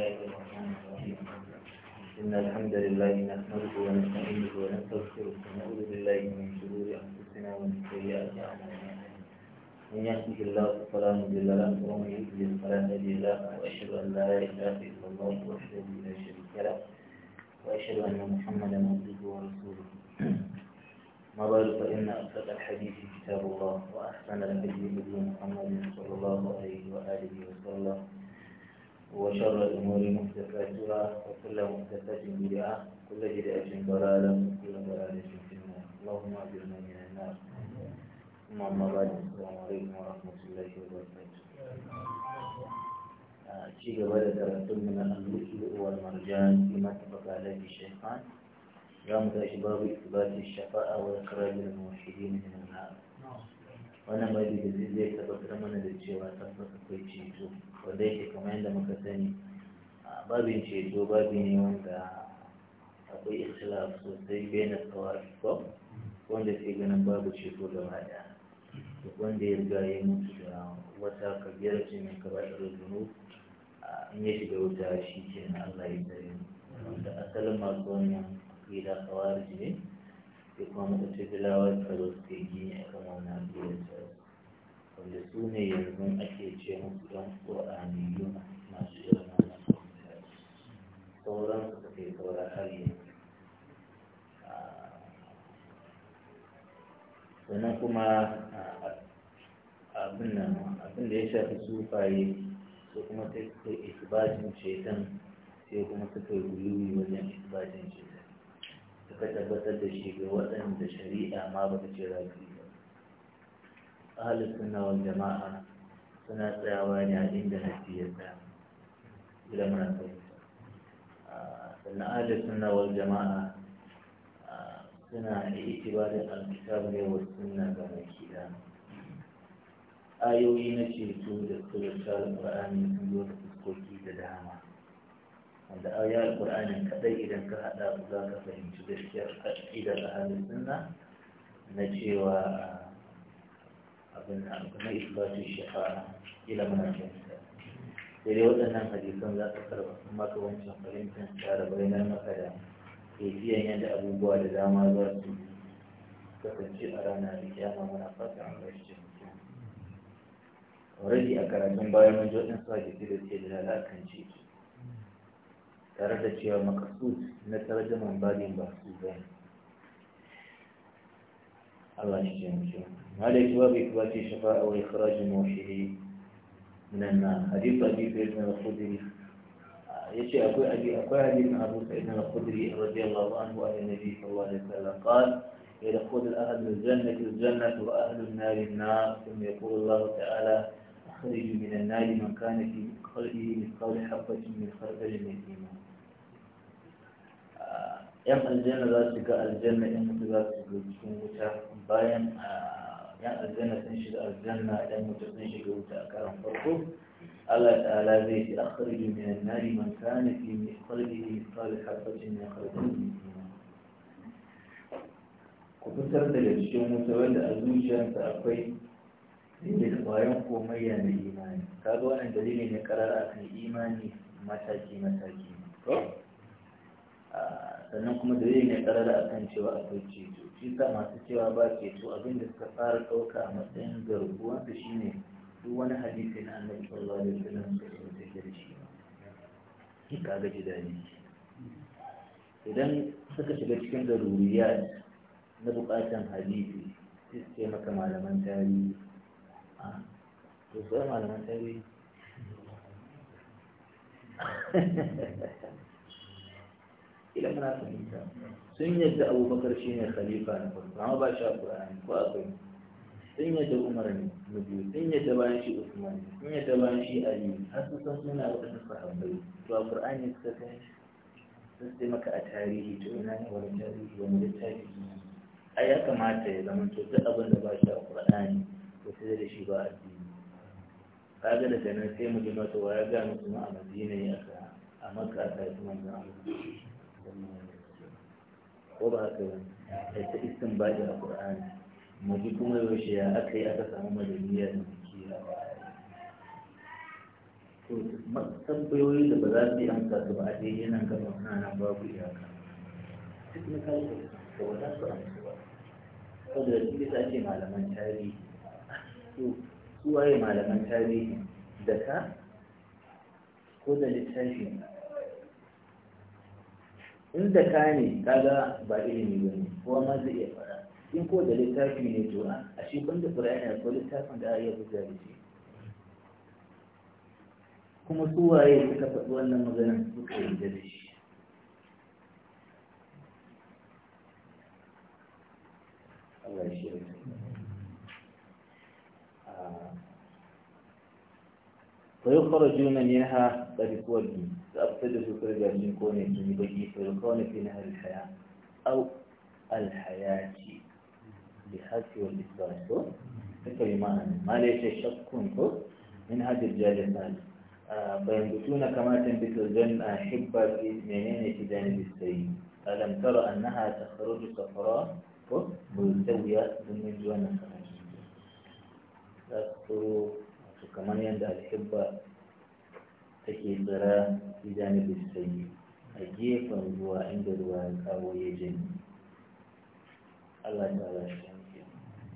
الله الرحمن الرحيم إن الحمد لله نحمده ونستعينه ونستغفره ونعوذ بالله من شرور أنفسنا ومن سيئات أعمالنا من يهده الله فلا مضل له ومن يضلل فلا هادي له وأشهد أن لا إله إلا الله وحده لا شريك له وأشهد أن محمدا عبده ورسوله ما بال فإن أصدق الحديث كتاب الله وأحسن الحديث هدي محمد صلى الله عليه وآله وسلم وشر الأمور محدثاتها وكل محدثات بدعة وكل بدعة ضلالة وكل ضلالة في النار اللهم أجرنا من النار ثم أما بعد السلام عليكم ورحمة الله وبركاته شيء آه، غير ترتب من اللؤلؤ والمرجان فيما اتفق عليه الشيخان يوم باب إثبات الشفاء وإخراج الموحدين من النار wannan da zai tabbatar mana da cewa tabbata kai ceto wanda yake kamar yadda muka sani babin ceto babi ne wanda akwai ikhtilaf sosai bai na tsawari ko wanda ke ganin babu ceto da wada duk wanda ya riga ya mutu da wata kabiyar ce mai da zuno in ya shiga wuta shi ke na Allah ya tare wanda asalin masu wannan akida tsawari ne sai kuma mutafilawa karo suka yi gini a kan wannan addinin wanda su ne yanzu ake ce musu ɗan ƙur'ani yuna masu irin wannan kwamfuta sauran su suka yi saura har yanzu ah, sannan kuma ah, abin da ya shafi sufaye su kuma sai suka yi isbajin ceton sai kuma suka yi guluwi wajen isbajin ceton Ka tabbatar da shi ga waɗanda shari'a ma ba ta ce za rafi ba ahalin suna wal jama'a suna tsayawa ne a inda na ya tsaya idan muna fahimta sannan ahalin suna wal jama'a suna itibarin alkitab ne wa suna ga mai kida ayoyi na ceto da suka rikta alƙur'ani sun zo da fuskoki da dama wanda aya alƙur'ani kaɗai idan ka haɗa su za ka fahimci gaskiyar da ahalin sunna na cewa ah, abin da na isbatun shafa'a ila munafinsa sai dai waɗannan hadisan za ka karɓa kuma ka wancan fahimtar tare bayanar maka da kefiyan yadda abubuwa da dama za su kasance a ranar kiyama muna fata an gashi cikin already a karatun bayan mun ji waɗansu hadisi da ke da lalakan ciki tare da cewa makasud na tarjaman babin ba su zai Allah shi jami'a هذا يتوافق إثبات الشفاء وإخراج الموحدين من النار حديث أبي سعيد الخدري يشي أكو أبي أكو حديث أبو سعيد الخدري رضي الله عنه عن النبي صلى الله عليه وسلم قال يدخل أهل الجنة الجنة وأهل النار النار ثم يقول الله تعالى أخرج من النار من كان في قلبه مثقال حبة من خردل من إيمان yan aljanna za su ga aljanna yan mutu za su ga cikin wuta bayan yan aljanna sun shiga aljanna yan mutu sun shiga wuta a karan farko Allah Ala zai yi a min mai nari man kana fi qalbihi mithqal habatin mai khardal ku fitar daga cikin wuta wanda a zuciyarsa akwai da kwayan komai yana imani kaga wannan dalili ne karar akan imani mataki mataki sannan kuma dalilin yin karara a kan cewa a akwai ceto shi sa masu cewa ba ceto abinda suka fara ɗauka a matsayin su shine duk wani hadisi na annabi sallallahu alaihi wasallam suka so ta da shi ba ka ga ji daɗi idan suka shiga cikin garuriya na buƙatan hadisi sai su maka malaman tarihi a to malaman tarihi ila muna fahimta sun yadda abubakar shi ne khalifa na farko amma ba shi a ko akwai sun yadda umar ne na biyu sun yadda bayan shi usman sun yadda bayan shi ali har su san suna waɗansu sahabbai to a ƙur'ani suka san sun sai maka a tarihi to ina ne wani tarihi wani littafi a ya kamata ya zama to duk abin da ba shi a ƙur'ani ko sai da shi ba a addini kaga da sanar sai mu ji masa wa ya ga musu ma a madina ne a maka a kafin manzon Allah ko ba haka ba a ta istin baɗi a ƙur'ani mu kuma yaushe ya aka yi aka samu majalisa da jiki a to tambayoyi da ba za su yi amsa su ba a daidai nan gaba suna nan babu iyaka duk na kawo da ba su amsa ba saboda shi bisa ce malaman tarihi to su waye malaman tarihi da ka ko da littafi in da ka ne kaga ba ilimi ba ne kowa ma zai iya fara in ko da littafi ne to a shi ban da ƙura'ani ko littafin da a iya buga kuma su waye suka faɗi wannan maganin suka yi da shi Allah ya shirya fa yukhrajuna minha أبتدت كرجع من كوني تنبجي في الكون في نهر الحياة أو الحياة والإسلام والإصلاح ما أنا ما ليش ليس شك من هذه الجالسات آه، فينبتون كما تنبت الجنة حبة في منين في جانب السيد ألم ترى أنها تخرج صفراء ملتوية ضمن جوانا خرج تقولوا كمان يندى الحبة take tsira fi janibin sanyi a gefen ruwa inda ruwa ya kawo ya jini Allah ta ala shi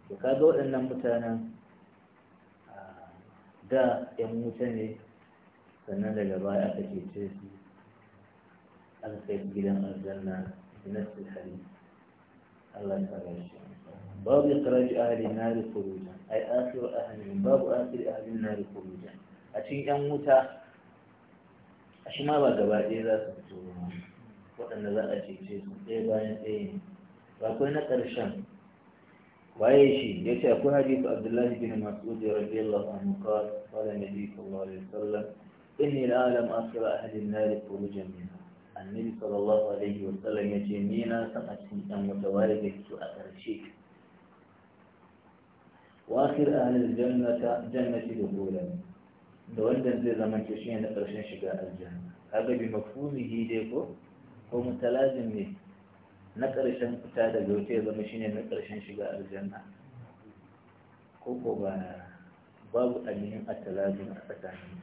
to ga waɗannan mutanen da ‘yan wuta ne sannan daga baya aka ce su an kai gidan aljanna na hali Allah ta ala shi babu ya na ahalin nari a ai asiru ahali babu asiru ahalin na kurujan a cikin ‘yan wuta a shi ma ba gaba ɗaya za su fito waɗanda za a cece su ɗaya bayan ɗaya ne ba kai na ƙarshen waye shi ya ce akwai hadithu abdullahi bin mas'ud radiyallahu anhu qala qala nabi sallallahu alaihi wasallam inni la alam asra ahli an-nar khurujan minha annabi sallallahu alaihi wasallam ya ce ni na san a cikin ɗan wata waye da su a ƙarshe wa akhir ahli al-jannata jannati dukhulan da wannan zai zama ke shi na ƙarshen shiga aljanna kaga bi mafhumihi dai ko ko mutalazim ne na ƙarshen fita daga wuta ya zama shi ne na ƙarshen shiga aljanna ko ko ba babu ainihin atalazim a tsakanin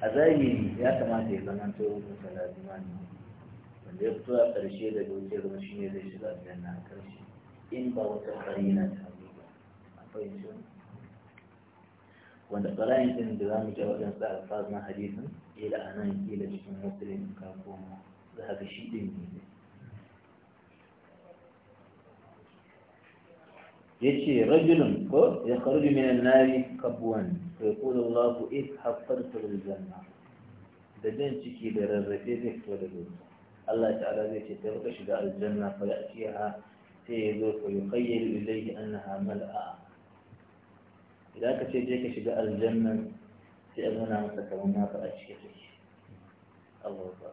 a zahiri ya kamata ya zama to mutalazima ne wanda ya fito a ƙarshe daga wuta ya zama shi ne zai shiga aljanna a ƙarshe in ba wata ƙarina ta zo a fahimtar. wanda tsarayin din da za mu ja waɗansu alfaz na hadisin ila a nan cikin musulun ka koma za ka shi ɗin ne ya ce rajulun ko ya karuji minan nari kabuwan kai kula Allah ku ik haifar janna da zan ciki da rarrafe zai fito da gudu Allah ta'ala zai ce ta rika shiga aljanna fa ha sai ya zo fa yuqayyalu ilayhi annaha mal'a idan ka ce je ka shiga aljanna sai a nuna masa kamar na faɗa cike take Allah ba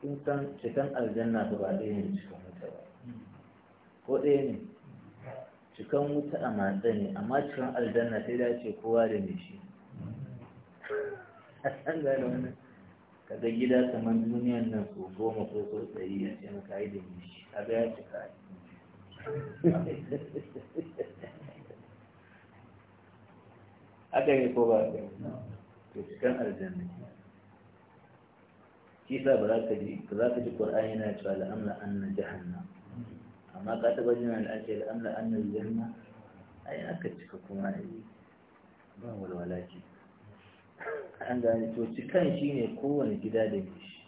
kun san cikan aljanna ba ba ɗaya ne cikin wuta ba ko ɗaya ne cikan wuta a matsa ne amma cikan aljanna sai da ce kowa da mai shi a san gane wani kaga gida kamar duniyan nan ko goma ko ko tsari a ce maka yi da mai shi ga ya cika aka yi ko ba aka to cikin aljanna kisa sa ba za ka ji ba za ka ji qur'ani yana cewa la'amla anna jahanna amma ka taba jin an ce la'amla anna jahanna ai aka cika kuma ai ba walwala ki an gane to cikan shi ne kowane gida da ke shi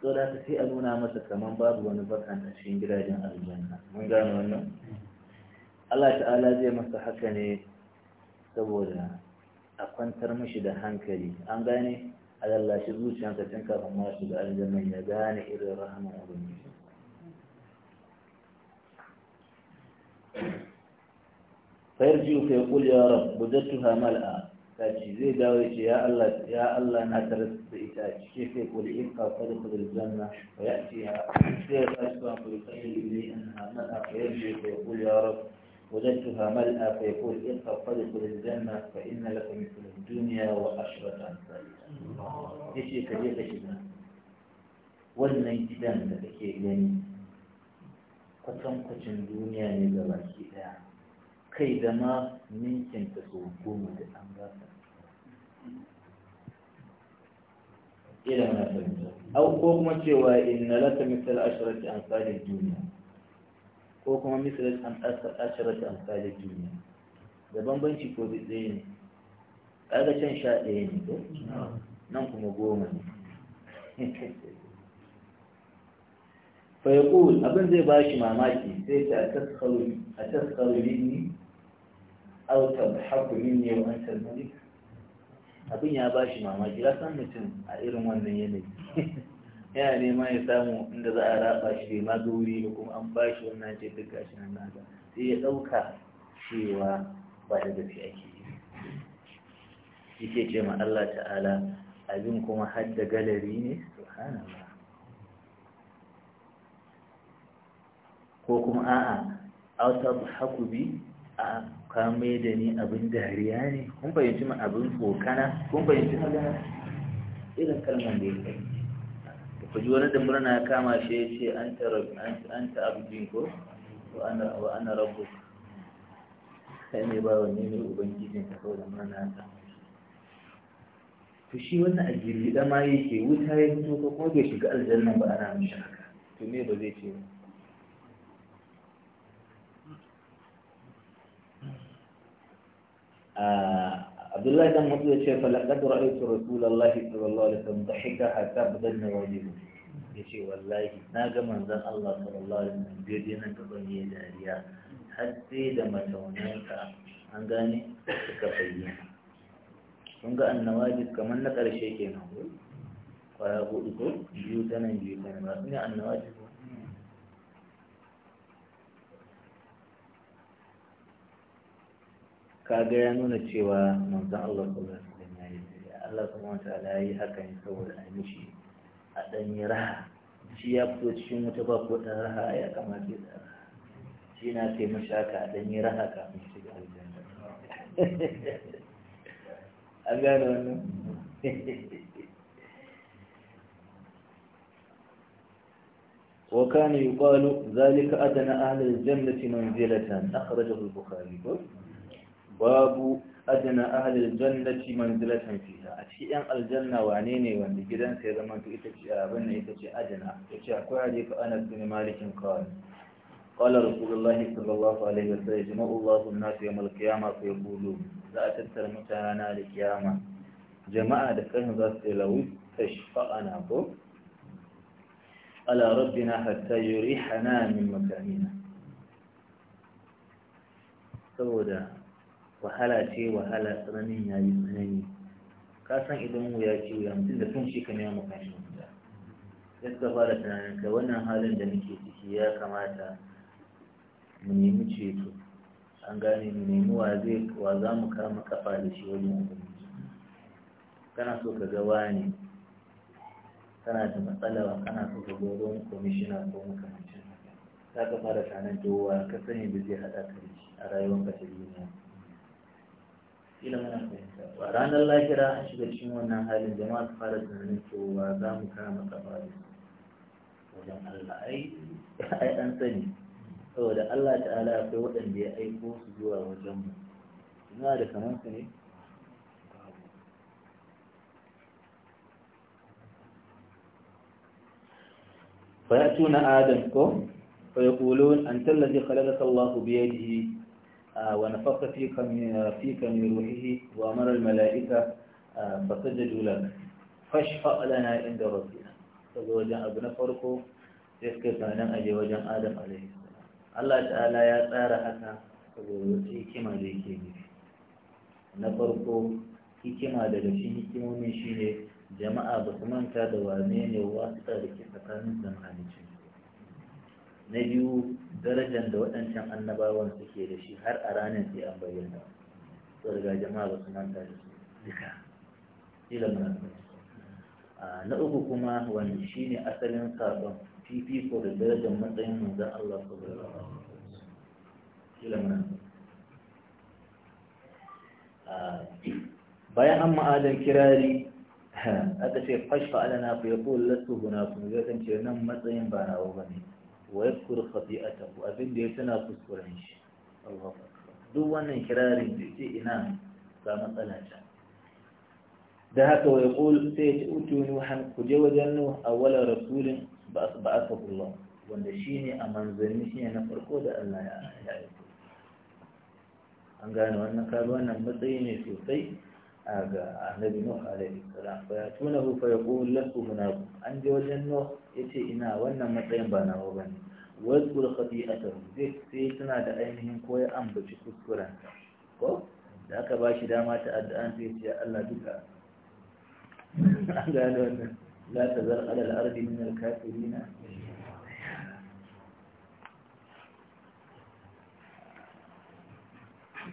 to da ka sai a nuna masa kamar babu wani bakan a cikin gidajen aljanna mun gane wannan mm. Allah ta'ala zai masa haka ne saboda a kwantar da hankali an gane a lallashi zuciyarsa kafin ma shiga aljanna ya gane irin rahaman ubangiji فيرجع فيقول يا رب وجدتها ملأ تاجي زي داوي يا الله يا الله انا ترست تاجي كيف يقول ابقى فادخل الجنة ويأتيها سير أشبه فيخيل لي أنها ملأ فيرجع يقول يا رب وجدتها ملأة فيقول إن تنطلقوا للجنة فإن لكم مثل الدنيا وأشرة ثانية. إيش يكفي إيش يكفي؟ وزن إنتدام لك يا إلهي. كتم كتم دنيا لبلاك يا كيدما من تنتصر قومة الأنبياء. إلى ما أو قوم تشوى إن لك مثل أشرة أنصار الدنيا. ko kuma misalin an ashirar amfani duniya da bambanci ko tsaye ne kaga can sha ɗaya ne ko nan kuma goma ne fayakul abin zai ba shi mamaki sai ta a taskaru minni autar haku minni yau an tarmalik abin ya ba shi mamaki ya san mutum a irin wannan yanayi yana neman ya samu inda za a raba shi bai ma gauri ba kuma an bashi wannan ce duk gashi nan nasa sai ya ɗauka cewa ba da gaske ake yi yake ce ma Allah ta'ala abin kuma har da galari ne subhanallah ko kuma a'a auta haku bi a kame da ni abin dariya ne kun fahimci ma abin tsokana kun fahimci magana irin kalmar da ya kai kuji wani da ya kama shi ya ce an ta abin ko wa ana rabu kai ne ba wa ne mai ubangijin ta kawai da murna ta to shi wannan ajiri da ma yake wuta ya fito ko kuma bai shiga aljanna ba ana mishi haka to me ba zai ce ba a ah, عبد الله بن ya ce لقد رأيت رسول الله صلى الله عليه وسلم ضحك حتى بدلنا yace wallahi na ga manzon Allah sallallahu alaihi wasallam daidai nan gaban yayin dariya har da mataunanka an gane suka bayyana kun ga annawajid kamar na karshe kenan ko kwaya hudu ko biyu ta nan biyu ta nan ba su kaga ya nuna cewa manzon Allah sallallahu alaihi wasallam ya yi Allah subhanahu wataala ya yi haka ne saboda a mishi a dan yi raha shi ya fito cikin wata ba ko dan raha ya kamata ya tsara shi na kai mashi haka a dan yi raha kafin shiga aljanna an gane wannan وكان يقال ذلك أدنى أهل الجنة منزلة أخرجه البخاري babu adana ahalil jannati manzilatan fiha a cikin yan aljanna wane ne wanda gidansa ya zama to ita ce abin ita ce adana yace akwai hadisi Anas bin Malik kawai قال رسول الله صلى الله عليه وسلم يجمع الله الناس يوم القيامة فيقولون لا تتر متانا للقيامة جماعة دكان ذات لو تشفعنا بو على ربنا حتى يريحنا من مكاننا سودا wahala ce wahala tsananin ya yi tsanani ka san idan wuya ya ce wuya, mutum da tun shi ka nema kashin shi ya suka fara tunanin kai wannan halin da muke ciki ya kamata mu nemi ceto an gane mu nemi wa za mu kama kafa da shi wajen ubangiji kana so ka ga wani kana da matsala ba kana so ka ga wani ko makamancin Ta ka fara tunanin to ka sani da zai haɗa ka a rayuwar ka ta duniya ila muna fahimta ranar lahira a shiga cikin wannan halin jama'a su fara tunanin cewa za mu kama kafari wajen Allah ai ai an sani saboda Allah ta'ala akwai waɗanda ya aiko su zuwa wajen mu suna da kamar su ne فيأتون آدم كم فيقولون أنت الذي خلقك الله بيده ونفق فيك من فيك من روحه وأمر الملائكة فسجدوا لك فاشفع لنا عند ربنا فزوجا أبن فرقه يسكت أنا أجي وجن آدم عليه السلام الله تعالى يا تارا حتى فزوجي كما ليكي na farko hikima daga cikin hikimomin shi ne jama'a ba su manta da wane ne wasu da ke tsakanin da mahalicin na biyu darajar da waɗancan annabawan suke da shi har a ranar sai an bayyana to daga jama'a ba su manta da su duka ila na uku kuma wanda shine asalin sabon fifiko da darajar matsayin manzon Allah sallallahu alaihi wasallam ila bayan an ma'adar kirari aka ce fashfa alana fa yaqul lastu hunaka ya ce nan matsayin ba nawa ne. ويذكر خطيئته وابن دي سنة تذكر الله أكبر دوان إنكرار بيتي إنام فما قال ذهب ويقول سيت أوتو نوحا كجو جنوه أول رسول بأصبعته الله ونشيني أمان زنيشي أنا فرقو ذا الله يا أنقانو أن كابوانا مطيني في سي أغا نبي نوح عليه السلام فيأتونه فيقول لكم هناك أنجو جنوه yace ce ina wannan matsayin ba nawa ba ne wasu khati'atahu zai sai tana da ainihin koyar ambaci kuskurenta ko da aka ba shi dama ta addu'an sai ce Allah duka an gano wannan la ta zar alal ardi min al kafirina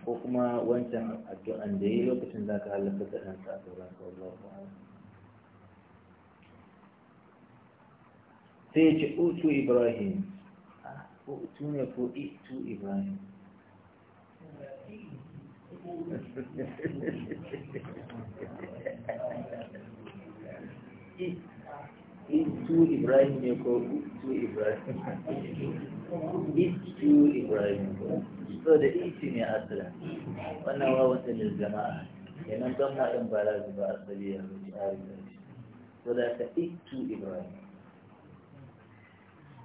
ko kuma wancan addu'an da yayi lokacin zaka halaka da ɗan sa Allah sai ya ce utu ibrahim utu ne ko itu ibrahim itu ibrahim ne ko utu ibrahim itu ibrahim ko so da itu ne asira wannan wawata ne jama'a kenan don ma'in ba za su ba asali ya zuci a rikici so da ka itu ibrahim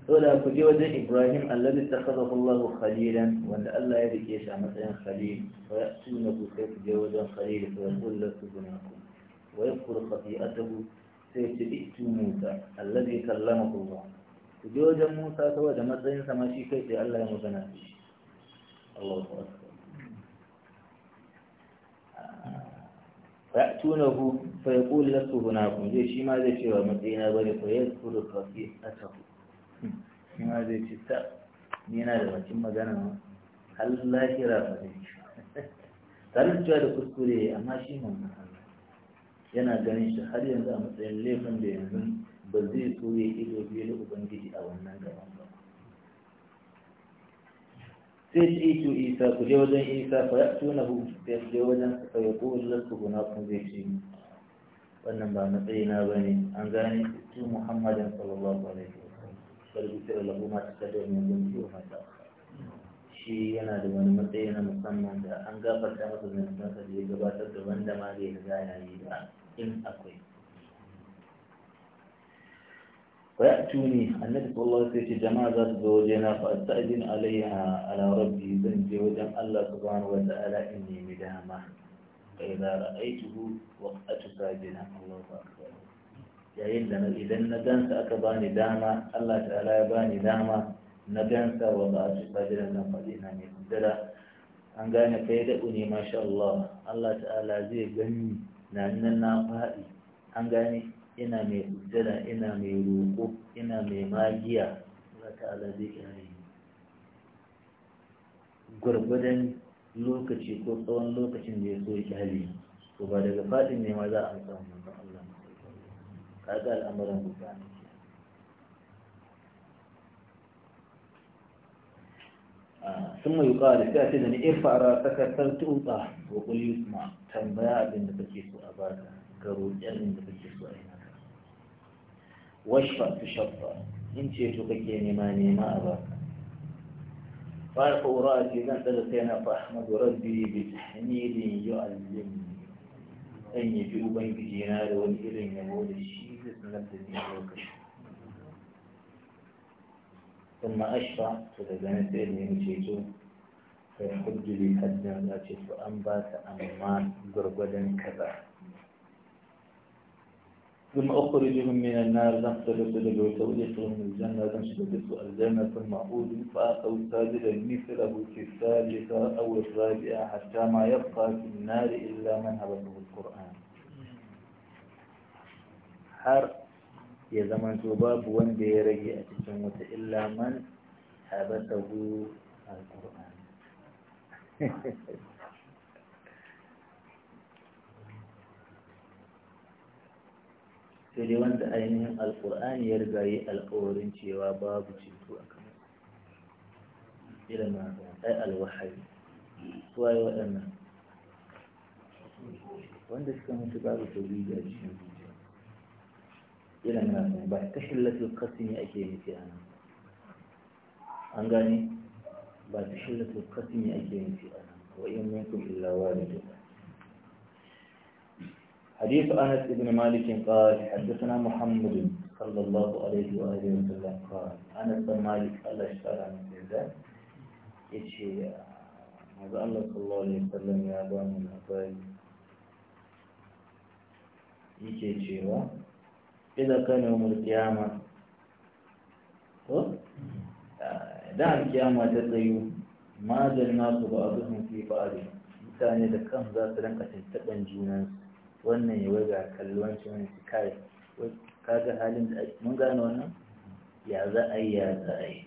ولا كجوا ده إبراهيم الذي اتخذه الله خليلا وأن الله يدك يشع مثلا خليل ويأتون بخير كجوا ده خليل فيقول لك بناكم ويذكر خطيئته سيتئت موسى الذي كلمه الله كجوا ده موسى توجه مثلا سما شيء كيف الله يمتناك الله أكبر فيأتونه فيقول لك هناكم جيش ما جيش ومدينة بني فيذكر خطيئته in ma zai ce ta ni yana da bakin magana ma har ya ba zai ci tare da cewa da kuskure amma shi mamman Allah yana ganin shi har yanzu a matsayin laifin da yanzu ba zai so ya ido biyu da ubangiji a wannan gaba. ba sai ce to isa ku je wajen isa fa ya tuna hu sai su je wajen su fa ya kowace lasu guna kun zai ce wannan ba matsayina ba ne an gane su muhammadin sallallahu alaihi فليغفر له ما تقدم من ذنبه وما تأخر shi yana da wani مصمم na musamman da أنا gafarta مصمم zunubansa da ya gabatar da wanda ma zai riga ya yi ba in akwai فيأتوني النبي صلى الله عليه وسلم جماعة ذات زوجنا فأستأذن عليها على ربي زنجي وجم الله سبحانه وتعالى إني مدامة فإذا رأيته وقت ساجنا الله أكبر yayin da na idan na gansa aka bani dama Allah ta'ala ya bani dama na gansa wa ba a ci fajiran nan faɗi na mai kudura an gane kai daɗu ne masha Allah Allah ta'ala zai gani na nan na faɗi an gane ina mai kudura ina mai roƙo ina mai magiya Allah ta'ala zai kare ni gwargwadon lokaci ko tsawon lokacin da ya so ya kyale ko ba daga faɗin ne ma za a samu Allah هذا الأمر المتعلم آه، ثم يقال تأتي ارفع راسك فلتؤطى وقل يسمع تنباع بأن تكيس أباك كروج أن تكيس أهلك واشفع تشفع إن شئتك كيني ما نيما أباك فارفع رأسي إذا تلقينا فأحمد ربي بتحميل يعلمني أن يجوبا بجنار والإرن يقول الشيء ثم أشرع فلذلك إليه جيت فيحج لي حدا لا أنبات أممان قربدا كذا ثم أخرجهم من النار نقتل سلبي وتوليتهم من الجنة نشددت الجنة ثم أعود فأقوا ساجدا مثله في الثالثة أو الرابعة حتى ما يبقى في النار إلا من هبته القرآن har ya zama to babu wanda ya rage a cikin wata illa man habasahu alquran sai dai wanda ainihin alkur'ani ya riga yi alƙawarin cewa babu ceto a kan irin ai alwahari waɗannan wanda suka mutu babu tabi da cikin ila ba ta shillatul kasimi ake nufi a nan an gane ba ta shillatul kasimi ake nufi a nan wa in minkum illa walidu حديث أنس بن مالك قال حدثنا محمد صلى الله عليه وآله وسلم قال أنس بن مالك الله اشترى من ذلك يتشي هذا الله صلى الله عليه وسلم يا أبا من أبائي يتشي إذا كان يوم القيامة آه، دع القيامة تطيو ما جلناك بعضهم في بعض مثلا إذا كان ذات لنك تنتقن جونان وانا يوجع كلوان شمان سكاي وكذا حالين من قال وانا يا ذا أي يا ذا أي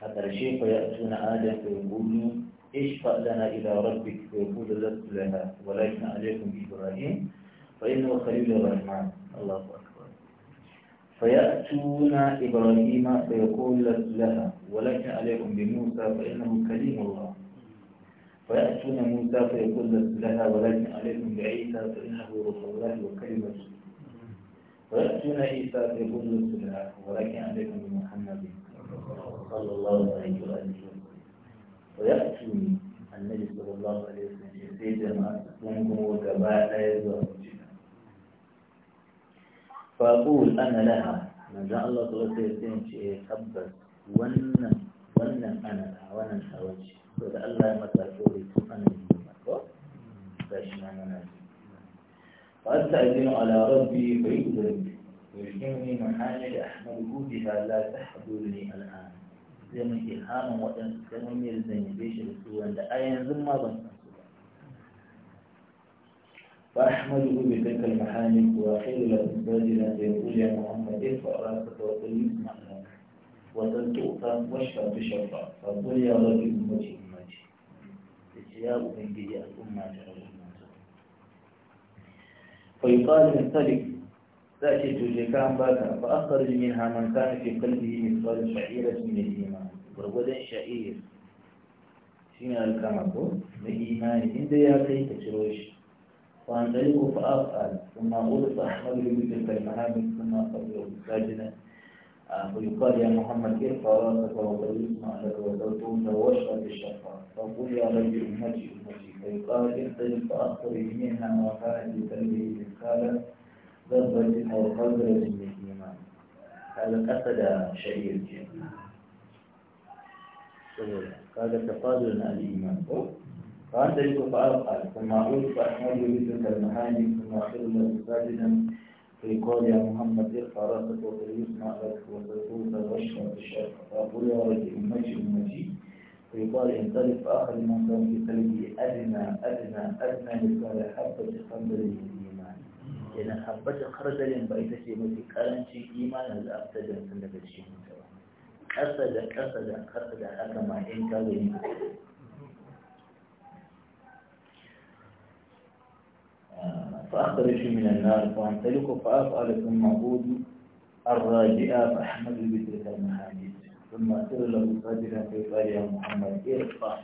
حتى الشيخ يأتون آدم ويقولون اشفع لنا إلى ربك ويقول لست لنا ولكن عليكم إبراهيم فإنه خليل الرحمن الله أكبر فيأتون إبراهيم فيقول لها ولك عليكم بموسى فإنه كريم الله فيأتون موسى فيقول لها ولكن عليكم بعيسى فإنه روح الله وكلمته ويأتون عيسى فيقول لها ولكن عليكم بمحمد صلى الله عليه وآله وسلم ويأتوني النبي صلى الله عليه وسلم يسير جماعة منكم وكبائر faƙul ana laha Allah ta wasu ya sai ce tabbas wannan wannan ana laha wannan tawace to da Allah ya mata tsori tun ana yi ba ko ga shi ma mana ji فأستأذن على ربي ni يلهمني محامد أحمده بها waɗansu تحضرني الآن زمن إلهام وأن زمن يلزم بيش a أيا ma ban ظن فأحمده بتلك المحامد وأخير الأسباب التي يقول يا محمد اقرأ راسك وقل يسمع لك وزل تؤتى واشفى بشفع فقل يا رب أمتي أمتي الثياب من بيئة الأمة فيقال انطلق تأتي تجيكا باكا فأخرج منها من كان في قلبه مثقال شعيرة من الإيمان ورغدا شعير شنو الكامل من الإيمان عند يا كي تشروش وعن طريقه فأفعل ثم أقول فأحمده بتلك المهام ثم أقبله ساجدا آه، ويقال يا محمد كيف قرأتك وطريق ما لك وتوتمت واشغل الشفاء فقل يا رب أمتي أمتي فيقال اختلف فأخطر منها ما فعلت لقلبه إذ قال ضربت أو قدرة مثلهما هذا قصد شهير قال تقابلنا الإيمان يوسف فأبقى ثم أعود فأحمده يوسف المحامي ثم أحل ساجدا قول يا محمد ارفع راسك وسيسمع لك وستوفى واشفى في الشرق فأقول يا رجل أمتي أمتي فيقال انطلق آخر من كان في قلبي أدنى أدنى أدنى لقال حبة خردل الإيمان إذا حبة خردل بأيتك متي شيء إيمان هذا أبتدى سنة الشيء أسد أسد أسد حكما إن كان فأخرج من النار فأمتلك فأفعل ثم أعود الراجئة فأحمد بتلك المحاميد ثم أسر له ساجدا في يا محمد ارفع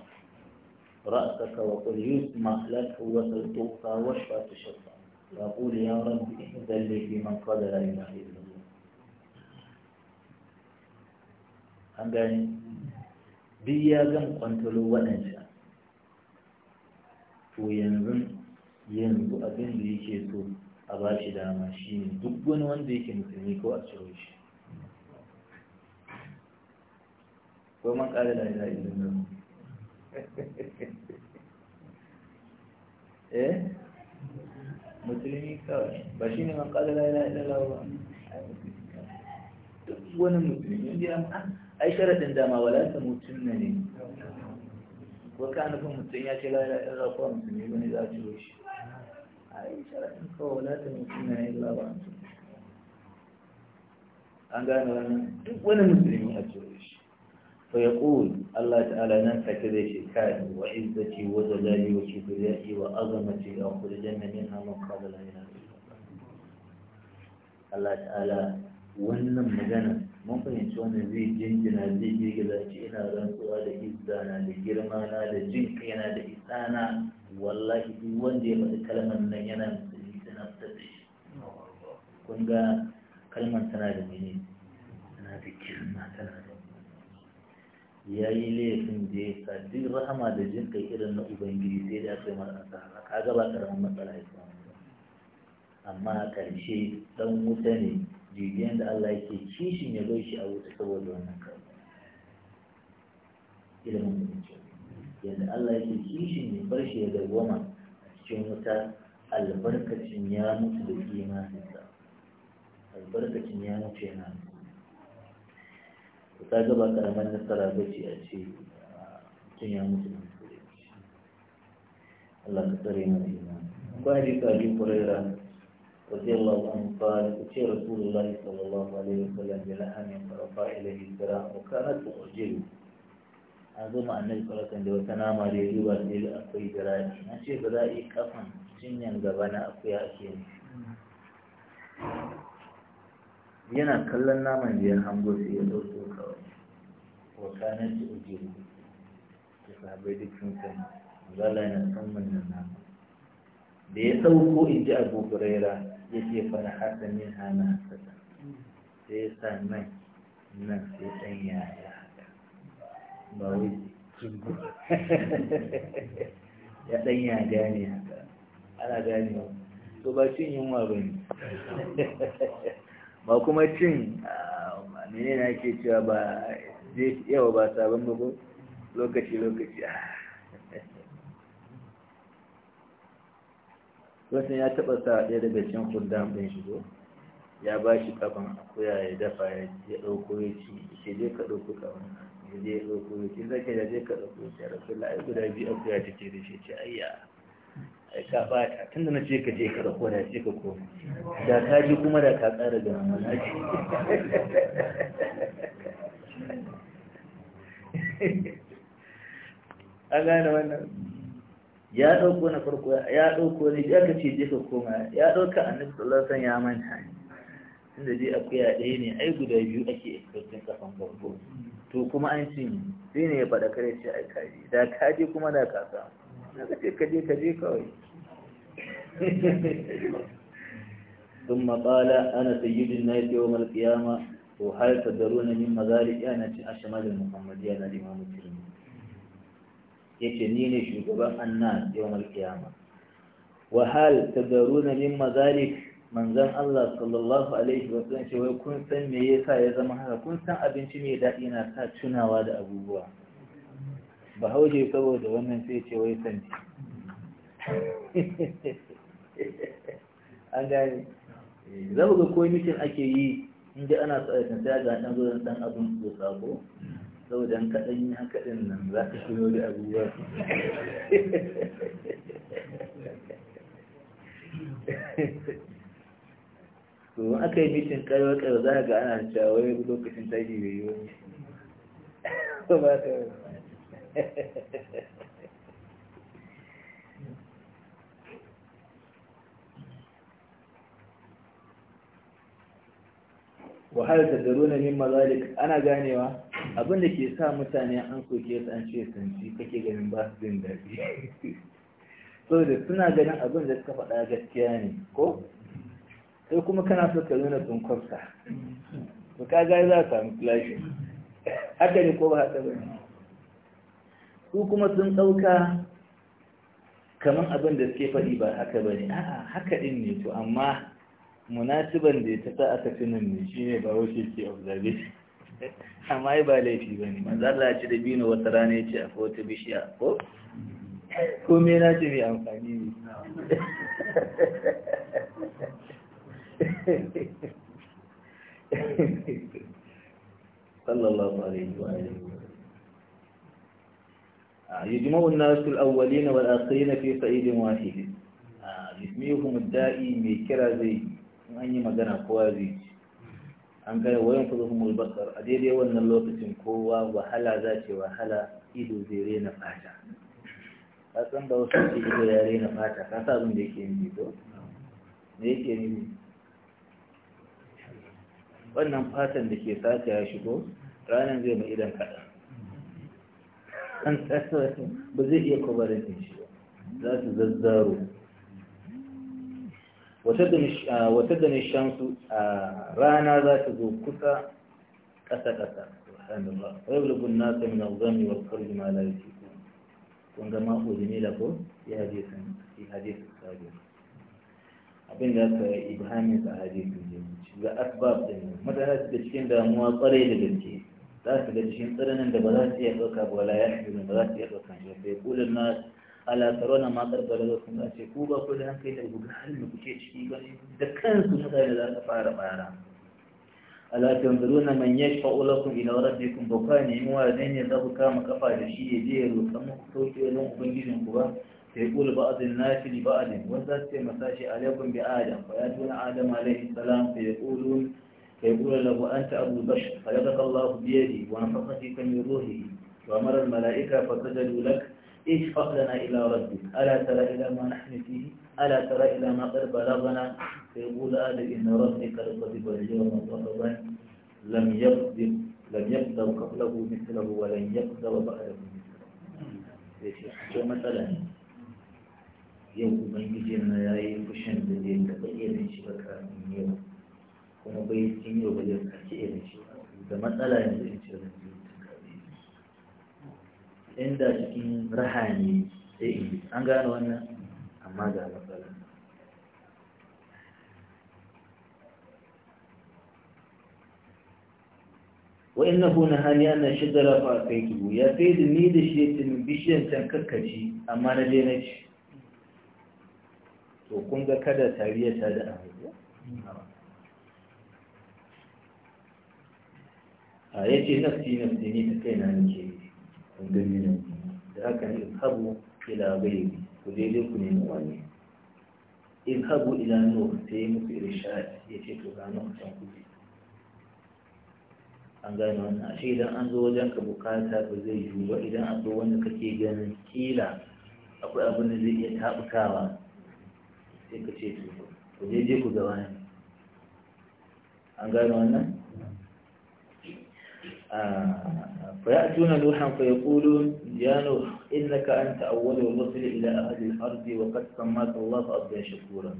رأسك وقل يسمع لك وتلطوك واشفى تشفى وأقول يا رب احزن لي في من قال لا إله إلا الله an gani duk ya zan kwantalo yanzu abin da yake so a ba shi dama shi ne duk wani wanda yake musulmi ko a ciro shi ko man ƙara da ila ilin nan eh musulmi kawai ba shi ne man ƙara da ila ilin nan ba duk wani musulmi inda ya ma ai sharaɗin dama wala ta mutum ne ko ka nufin mutum ya ce la'ila in rafuwa ne wani za a ciro shi a yi sharaɗin kawo latin mutum na yin laba an gane wannan duk wani musulmi a ciro shi to ya ƙuri Allah ala nan take zai ce kayan wa izzati wa jalali wa kibriyai wa azamati a kurjan na min hamon kabala yana Allah ta'ala wannan magana mun fahimci wanda zai jinjina zai girgiza ce ina rantsuwa da na da girma na da jin kaina da isana wallahi duk wanda ya faɗi kalmar nan yana musulmi tana fitar da shi kun ga kalmar tana da mene tana da girma tana da ya yi laifin da ya sa duk rahama da jin kai irin na ubangiji sai da aka yi mara asara kaga ba karamin matsala ya samu amma a ƙarshe ɗan wuta ne bibiyan da Allah yake kishin ya bai shi a wuta saboda wannan karɓa ilimin da ce yadda Allah yake kishin ya bar shi ya dawwama a cikin wuta albarkacin ya mutu da kimaninsa albarkacin ya mutu yana ku ta gaba karamar nasara ba ce a ce ah, tun ya mutu da mutu Allah ka tsare mana imani. ji kwari kurera رضي الله عنه قال أتي رسول الله صلى الله عليه وسلم بلحم فرفع إليه الذراع وكانت تؤجله an zo ma annabi sallallahu da wata nama da yayi ba sai akwai zira'i na ce ba za a yi kafan cinyan gaba na akuya ake ne yana kallon naman da ya hango sai ya dauko kawai wa ta yana nama da ya sauko in abu huraira ya ce fara hasa min hana hasada sai ya sa nan nan sai ɗan yaya haka ba wai zungu ya ɗan ya gane haka ana gane ganewa to ba cin yunwa ba ne ba kuma cin ah, menene ake cewa ba yawa ba sabon bugu lokaci-lokaci ah. wasan ya taba sa ɗaya daga cikin kundam ɗin shi ya ba shi kafan akuya ya dafa ya ɗauko ya ci ce je ka ɗauko kafan ya je ɗauko ya ci zaka ya je ka ɗauko ya ci rasu la'ayi guda biyu akuya ce da shi ce ayya ai ka bata da na ce ka je ka ɗauko da ce ka ko da ka ji kuma da ka ƙara da ce a gane wannan ya ɗauko na farko ya ɗauko ne ya ka ce je ka koma ya ɗauka a nufi tsallarsan ya manta ne inda dai akwai a ɗaya ne ai guda biyu ake ikirkin kafan farko to kuma an ce ne sai ne ya faɗa kare ce ai kaji da kaji kuma da kasa. Na na ka je kaje kaje kawai sun maƙala ana sayyidin na yi yawon alƙiyama to har ta daro na yin mazari ya na ce a shamalin muhammadiyya na limamu kirmi yace ni ne shugaban annas yawan kiyama wa hal tadaruna mimma zalik manzan Allah sallallahu alaihi wa sallam ce wai kun san me yasa ya zama haka kun san abinci mai daɗi na sa tunawa da abubuwa ba hauje saboda wannan sai ce wai santi an gane za ga koyi mitin ake yi inda ana sa da ga dan zo dan abun da sabo saboda an kaɗan yi haka ɗin nan za ka shiro da abubuwa to aka yi mitin karwakar za ga ana cewa lokacin taji bai yi wani ba ta wahal da daruna min mazalik ana ganewa abin da ke sa mutane an soke su an ce sanci kake ganin ba su jin daɗi saboda suna ganin abin da suka faɗa gaskiya ne ko sai kuma kana so ka nuna sun kwafsa to ka ga za a samu flashin haka ne ko ba haka ba su kuma sun ɗauka kamar abin da suke faɗi ba haka ba ne a'a haka ɗin ne to amma munasiban da ya ta sa aka nan ne shi ne ba wasu ke observation amma ai ba laifi ba ne manzo ci da bino wata rana ya ce a wata bishiya ko ko me na ce mai amfani ne sallallahu alaihi wa alihi يجمع الناس الأولين والآخرين في صعيد واحد يسميهم الدائي ميكرا زي أني مدنا قوازي an gane wayan ku zuhumul basar a daidai wannan lokacin kowa wahala za ce wahala ido zai rena fata ka san da wasu ke ido ya rena fata ka sa abin da yake yin ido me yake yi wannan fatan da ke sace ya shigo ranar zai mai idan kaɗan an tsasa ba zai iya kwabarin shi ba za su zazzaro wata da nishansu rana za ta zo kusa ƙasa-ƙasa waiwulgun nasa min alzami wa karbi ma ku kun ga mako jimila ko ya yi fi su sabi abin da aka yi ibhamin sa hadisun shi ga asbab ne. mutane su da cikin damuwa kwarai da gaske za su ga cikin tsananin da ba za su iya ɗauka ba wala ya ba za su iya ɗauka ba sai kulun na. ala sarona ma karbala da kuma ce ku ba ku da hankali da gudu halin da kuke ciki ba ne da kansu mutane za su fara bara ala tanzuruna man yashfa'u lakum ila rabbikum ba kwa ne mu wazai ne za ku kama kafa da shi ya je ya roƙa muku sauki wajen ubangijin ku ba sai kula ba na shi ba'adin nashi li ba'adin wanda sai masashi alaikum bi adam fa ya tuna adam alaihi salam fa yaqulun فيقول له أنت أبو بشر فيدك الله بيدي ونفخ فيك من روحي وأمر الملائكة فسجدوا لك إيش أقلنا إلى ربك ألا ترى إلى ما نحن فيه ألا ترى إلى ما قد بلغنا فيقول آدم إن ربك لطبيب اليوم الضغطا لم يقدر لم يقدر قبله مثله ولن يقدر بعده مثله شو مثلا يوم من يجي لنا يا يوم شن بدين تغير شيء بكرة من يوم كم بيجي يوم بيجي كشيء شيء مثلا يوم شن بدين inda cikin rahani sai in an gano wannan amma ga matsala wa inna hu na hani ana shidara fa kai tubu ya fi da ni da shi tun bishiyan can kakkaci amma na je na ci to kun ga kada tariya ta da abu a yace nafsi nafsi ne ta kaina nake In ga nan, da haka ne habu ila ghairi ku daidai ku nemi wani izhabu ila nuh sai muku irshad ya ce to ga nuh can ku an gane wannan ashe idan an zo wajen ka bukata ba zai yiwu ba idan an zo wanda kake ganin kila akwai abin da zai iya tabukawa sai ka ce to ku daidai ku ga wani an gane wannan ah, فيأتون نوحا فيقولون يا نوح إنك أنت أول الرسل إلى أهل الأرض وقد سماك الله عبدا شكورا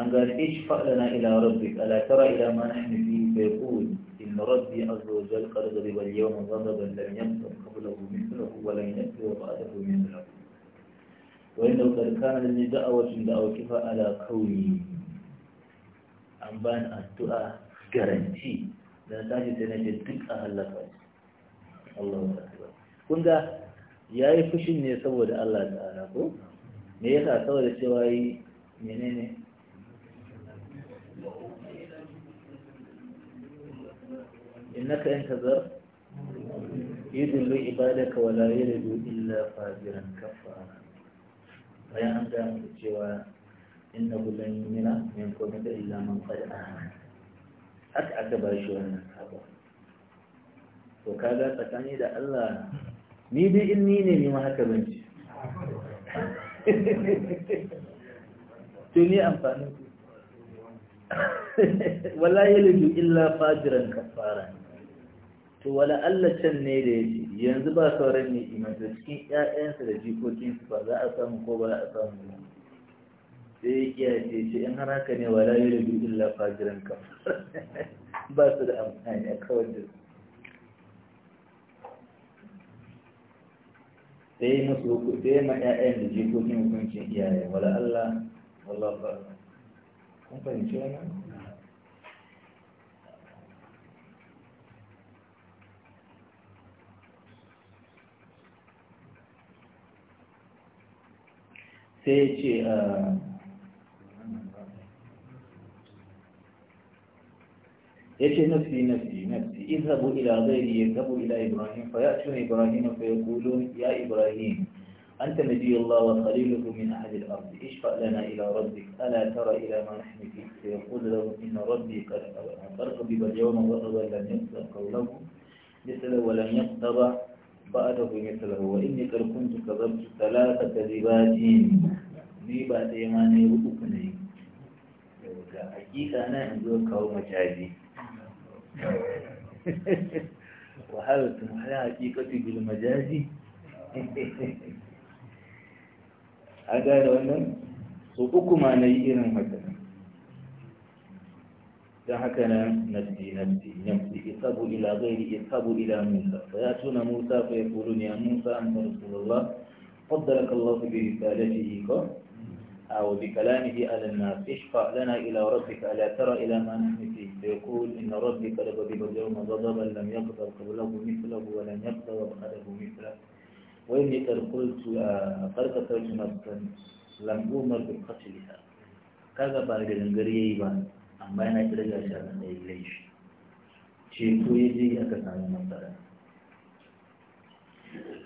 أن قال اشفع لنا إلى ربك ألا ترى إلى ما نحن فيه فيقول إن ربي عز وجل قد غضب اليوم غضبا لم يغضب قبله مثله ولم يأتي وبعده مثله وإنه قد كان لي دعوة دعوتها على قولي أن بان الدعاء garanti da tashi sai na ce duk a hallaka Allahu akbar kun ga yayi fushin ne saboda Allah ta'ala ko me yasa saboda cewa yi menene innaka in tazar yudillu ibadaka la yalidu illa fajiran kafara bayan an ga muku cewa inna bulan mina min qawmin illa man qad amana haka aka bar shi wannan sabon to kaga tsakani da Allah ni dai in ni ne ni ma haka ban ci to ni amfani wala yalidu illa fajiran kafara to wala Allah can ne da yake yanzu ba sauran ne imanta cikin ƴaƴansa da jikokinsu ba za a samu ko ba za a samu ba sai ya kiyaye shi in har haka ne wala yalidu illa fajiran kafara ba su da amfani a kawai da su sai musu sai ma ƴaƴan da jikokin hukuncin iyaye wala Allah wallahu ba kun fahimci wannan sai ce ah, يجي نفسي نفسي نفسي اذهبوا إلى غيري يذهبوا إلى إبراهيم فيأتون إبراهيم فيقولون يا إبراهيم أنت نبي الله وخليله من أهل الأرض اشفع لنا إلى ربك ألا ترى إلى ما نحن فيه فيقول له إن ربي قد أرقب اليوم وغضب لم يقبل قوله مثله ولم يقتضى بعده مثله وإني قد كنت كذبت ثلاثة كذبات لي بعد يماني ma ne أنا أنزل ga hakika وحالة محلاة حقيقة بالمجاز هذا لو أنه سوءكم ما نيئنا مثلا فهكذا نفسي نفسي نفسي اذهبوا إلى غيري اذهبوا إلى موسى فيأتون موسى فيقولون يا موسى أنت رسول الله فضلك الله برسالته أو بكلامه على الناس اشفع لنا إلى ربك ألا ترى إلى ما نحن فيه يقول إن ربي قد غضب اليوم غضبا لم يقدر قبله مثله ولن يقدر بعده مثله وإني قلت آه، قد قتلت لم أؤمر بقتلها كذا بعد الجري يبان أما أنا أترجع شأن ليش شيء يجي أكثر مثلا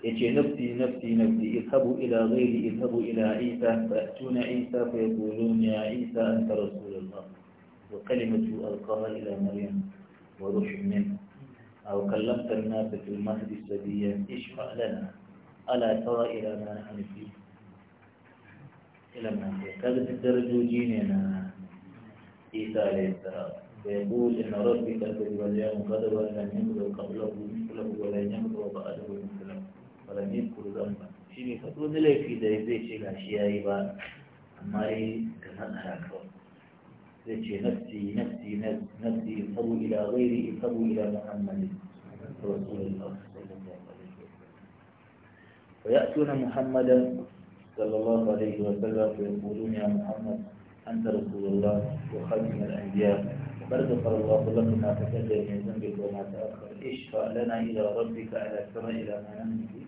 يجي نفسي نفسي نفسي اذهبوا إلى غيري اذهبوا إلى عيسى فيأتون عيسى فيقولون يا عيسى أنت رسول الله وكلمة ألقاها إلى مريم وروح منه أو كلمت الناس في المهد السبيا اشفع لنا ألا ترى إلى ما نحن فيه إلى ما نحن فيه كذا الدرجوجين هنا عيسى عليه السلام فيقول إن ربي كذب واليوم كذب ولم يملك قبله مثله ولن يملك وبعده مثله ولم يذكر ذنبا شيء فتقول لي في ذي شيء لا شيء أيضا أما إيه كمان أنا نفسي نفسي نفسي نفسي صلوا إلى غيره صلوا إلى محمد رسول الله صلى الله عليه وسلم ويأتون محمدا صلى الله عليه وسلم ويقولون يا محمد أنت رسول الله وخدم الأنبياء برد الله لك ما تكلم من ذنبك وما تأخر اشفع لنا إلى ربك على السماء إلى ما نملك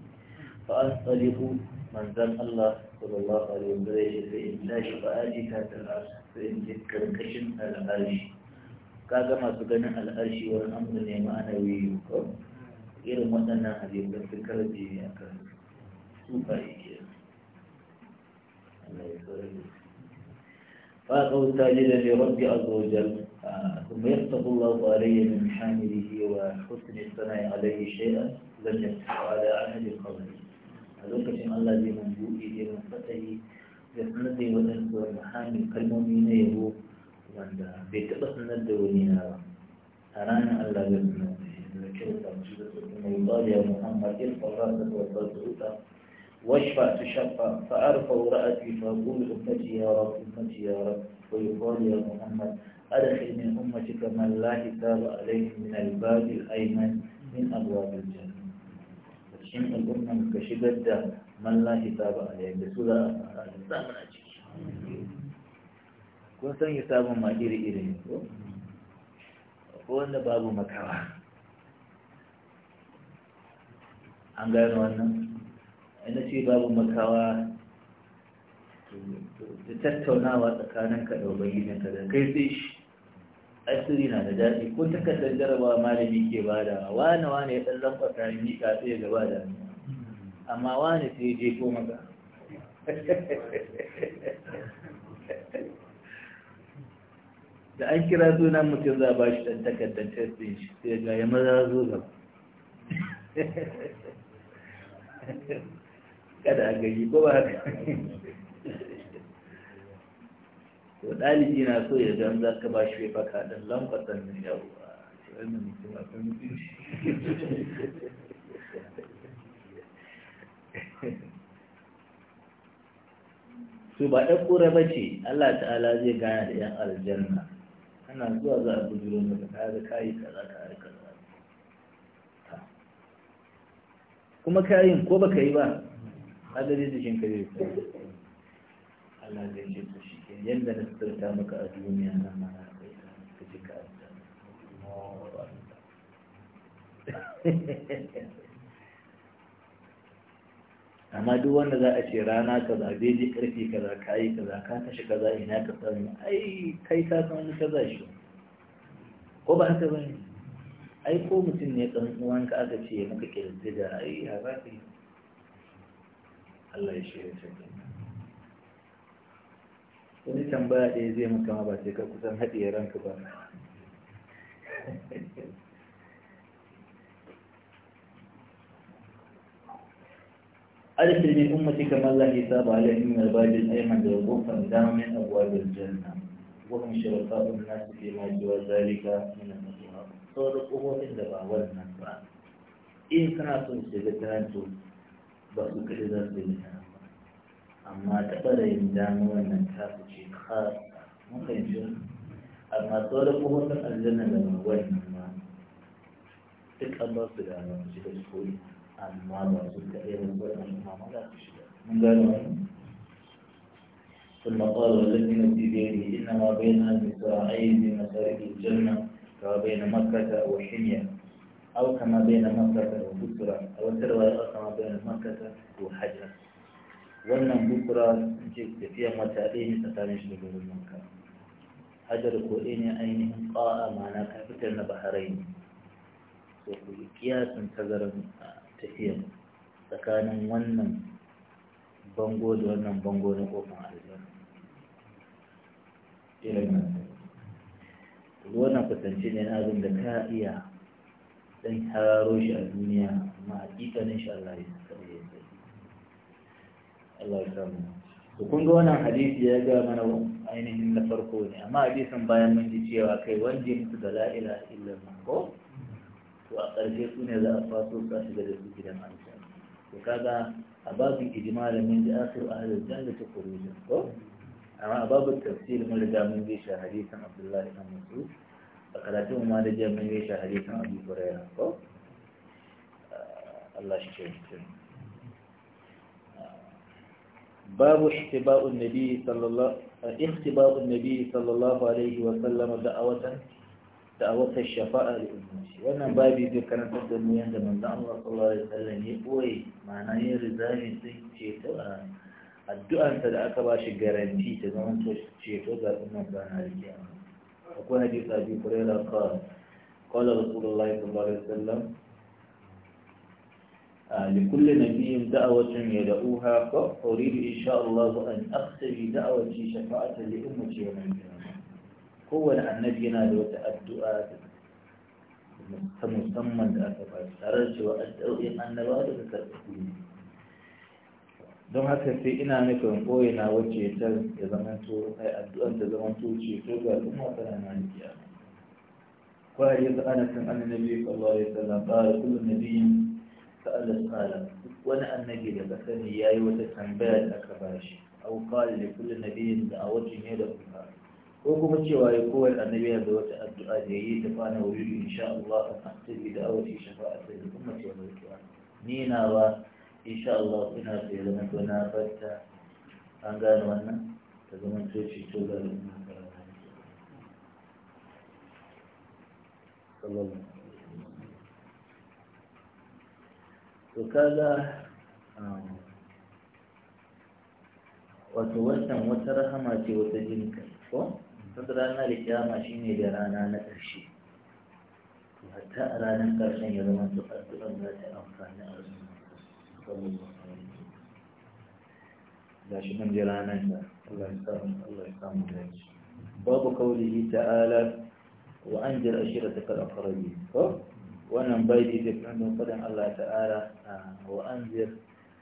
فأنطلقوا من ذم الله صلى الله عليه وسلم فإن لا شفاء لك تلعب فإن ذكر كشن العرش كذا ما العرش والأمر لما أنا ويكم إلى مدنا هذه الذكر الدنيا كان سوبر إيجاز الله يسلمك فأخذ ساجدا لربي عز وجل ثم يخطب الله علي من حامله وحسن الثناء عليه شيئا لن يفتح على أحد قبله a lokacin Allah zai mun buɗe zai mun fatahi da sanar da waɗansu wani hannun kalmomi na yabo wanda bai taɓa sanar da wani na ba a ranar Allah zai sanar da shi da kyauta shi da su kuma yi tsari ya Muhammad ya fara da wata zuwa واشفع تشفع فأرفع رأتي فأقول أمتي يا رب أمتي يا رب ويقال يا محمد أدخل من أمتك من لا كتاب عليه من الباب الأيمن من أبواب الجنة cikin al'umman ka shigar da man lahi ta ba a da su za a fara da samun a ciki kun san samun ma iri-iri ne ko ko wanda babu makawa an gano wannan ina ce babu makawa da tattaunawa tsakanin ka da ka da kai sai shi asiri na da daɗi ko takardar jarabawa malami ke bada wane wane ya ɗan lamfata yi mika sai ya gaba da amma wane sai je ko maka da an kira sunan mutum za a ba shi ɗan takardar testin shi sai ga ya maza zo gaba kada a gari ko ba haka to ɗalibi na so ya gan za ka ba shi fa kaɗan ɗan lamfatan nan ya ruwa wannan mutum a kan su ba ɗan ƙura ba ce Allah ta'ala zai gana da ‘yan aljanna ana zuwa za a bujiro maka ka ga kayi za ka har za kuma kayin ko baka yi ba a gari jikin ka zai Allah zai ce to shi yadda na tsirta maka a duniya nan ma na kai ka ji ka amma duk wanda za a ce rana kaza beji karfi kaza kayi kaza ka tashi kaza ina ka sani ai kai ka san wani kaza shi ko ba haka bane ai ko mutum ne dan uwanka aka ce maka kirtida ai ya za ka yi Allah ya shirya ta wani tambaya daya ya zai maka ba sai ka kusan haɗiye ranka ba adalci ne kuma mace kamar lafi ta ba ala yin albajin aiman da gofan damin abuwa da janna gofan shirarsa ɗin na su ke majiwa zalika mina mutuwa sau da da ba wannan ba in kana sun shiga tanto ba su kaɗi za su yi amma ta ɓarayin dama wannan tasu ce khasa mun fahimci amma sauran kofofin aljanna da ba wannan ma duk an ba su dama su shiga cikin amma ba su kaɗai ba wannan ma ma za su shiga mun gano wannan ثم قال والذي نفسي بيده إنما بين المصراعين بمسارك الجنة كما بين مكة وحمية أو كما بين مكة وبصرة أو تروى كما بين مكة وحجر wannan bukura ce tafiya mata ɗaya ne tsakanin shi da garin hajar ko ɗaya ne ainihin ƙa'a ma'ana kafitar na baharai ne so ku yi kiyasin tazarin tafiya tsakanin wannan bango da wannan bango na kofin aljanna irin nan wannan ne na abin da ka iya dan hararo shi a duniya amma hakikanin shi Allah ya Allah ya samu to kun ga wannan hadisi ya ga mana ainihin na farko ne amma hadisin bayan mun ji cewa kai wanda mutu da la ilaha mako ko to a ƙarshe su ne za a faso ta shiga da su gidan aljanna to kaga a babin ijmalin min da asir ahlul janna ta da ko amma a babu tafsir mun riga mun bi shi hadisin Abdullahi ibn Mas'ud a karatun ma da jiya mun bi shi hadisin Abu Hurairah ko Allah shi ke mutum باب احتباء النبي صلى الله اختباء النبي صلى الله عليه وسلم دعوة دعوة الشفاعة لأمتي وانا بابي ذي كانت تدنو يند من دعم الله صلى الله عليه وسلم يقوي معناه رزاني سيكتشيت الدعاء انت دعاك باشي قرانتي تزمان تشيت وزا أمم بانا الكيامة وكون حديث أبي هريرة قال قال رسول الله صلى الله عليه وسلم آه، لكل نبي دعوة يدعوها فأريد إن شاء الله أن أختبي دعوة شفاعة لأمتي ومن قوة عن نبينا لو تأدعى مستمما دعوة فأسترج وأدعو إن أن الله تتأكل دون هكا في إنا نكون قوينا وجه يتل إذا من تورق أي أدعو أنت إذا من تورق يتلقى أم أفلا نانتيا قوة يتغانا كم أن النبي صلى الله عليه وسلم قال كل نبي فألت قال وأنا النبي لبثني ياي وتتنبال أكباشي أو قال لكل نبي دعوتي جميلة أمها وكما تشوى يقول النبي هذا وتأدعى لي فأنا أريد إن شاء الله أن بدعوتي شفاء شفاعة الأمة والمكوان نينا و إن شاء الله فينا في زمن كنا فتا أنقان وانا فزمن توشي تولا لأمها صلى الله عليه وسلم وكذا وتوسم وترحماتي وتجنك فو فدرا انا لكياما شيني لرانا نترشي وحتى ارانا نترشي يوم ان تقدر الله افعال ارسل الله لا شنو جرانا الله باب قوله تعالى وانذر عشيرتك الاقربين wannan baiti da kuma fadan Allah ta'ala wa anzir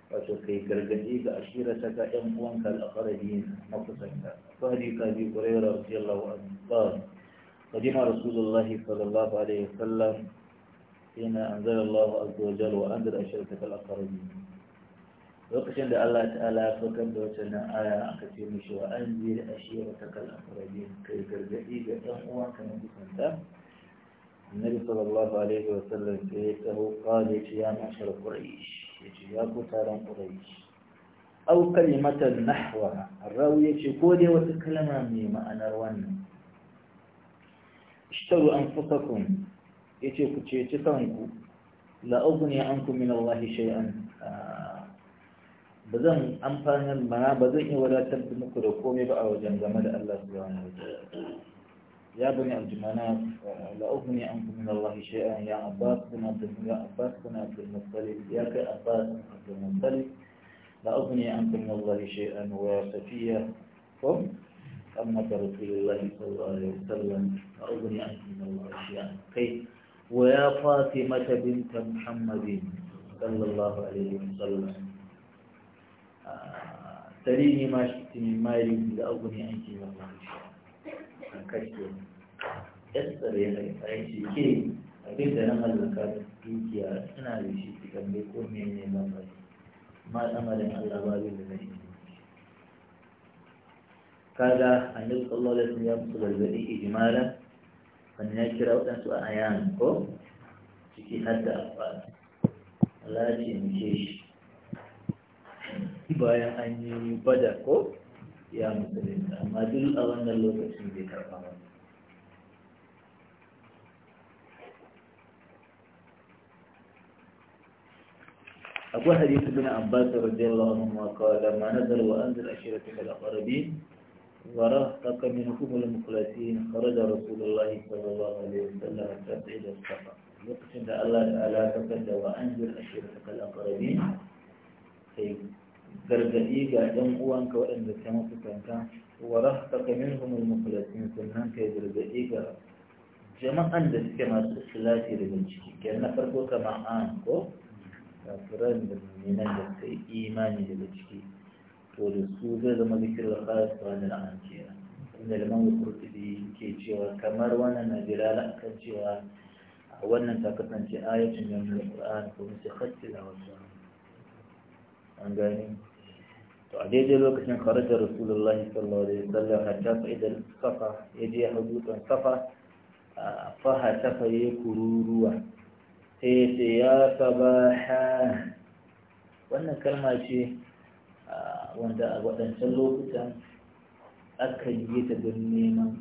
wato kai gargadi ga ashirata ka ɗan uwanka al-aqrabin mafusanta fahdi ka bi qurayra radiyallahu anhu qala qadima rasulullahi sallallahu alaihi wasallam hina anzala Allah azza wa jalla wa anzir ashirata al-aqrabin lokacin da Allah ta'ala ya fakar da wata nan aya aka ce mishi wa anzir ashirata al-aqrabin kai gargadi ga ɗan uwanka mafusanta النبي صلى الله عليه وسلم فيه قال يا معشر قريش يا كتار قريش أو كلمة نحوها الراوية كودي وتكلم من معنى الوان اشتروا أنفسكم يتيكو تيتسانكو لا أغني عنكم من الله شيئا بذن amfanin mana bazan iya wadatar da muku da komai ba a wajen game يا بني عبد مناف لا أغني عنكم من الله شيئا يا عباس بن عبد يا عباس بن عبد المطلب يا عباس بن عبد المطلب لا أغني عنكم من الله شيئا ويا صفية قم أمة رسول الله صلى الله عليه وسلم لا أغني عنكم من الله شيئا كيف ويا فاطمة بنت محمد صلى الله عليه وسلم سليني آه، ما شئت من مالي لا أغني عنك من الله شيئا a kashe yassar ya haifa ya ke abin da na mallaka dukiya suna da shi ko ne ba ba ma tsamarin Allah ba da na yi kaga annabi yi alaihi ya musu gargadi ijmala wani ya kira waɗansu a ayan ko ciki har da abbas Allah ya ce mu shi bayan an yi bada ko يا musulunta ما duk a wannan lokacin bai karɓa أبو حديث ابن عباس رضي الله عنه قال ما نزل وأنزل عشيرتك الأقربين ورهتك منكم المخلصين خرج رسول الله صلى الله عليه وسلم إلى الصفا يقصد الله تعالى تبعد وأنزل عشيرتك الأقربين خير طيب. gargaɗi ga ɗan uwanka waɗanda ta mafi kanka wa rahaka minhum al-mukhlasin sannan kai gargaɗi ga jama'an da suke masu ikhlasi da ciki kenan na farko kama an ko kafiran da nan da suka yi imani daga ciki to da su zai zama zikir da su wani ra'an kenan inda liman kurtubi ke cewa kamar wannan na jira kan cewa wannan ta kasance ayatin yanzu da Qur'ani ko musu wasu an gani to a daidai lokacin kharajar rasulullahi sallallahu alaihi wasallam hatta sa'idal safa ya je hajjutan safa faha safa ya kururuwa sai sai ya sabaha wannan kalma ce wanda a waɗancan lokutan aka yi ta don neman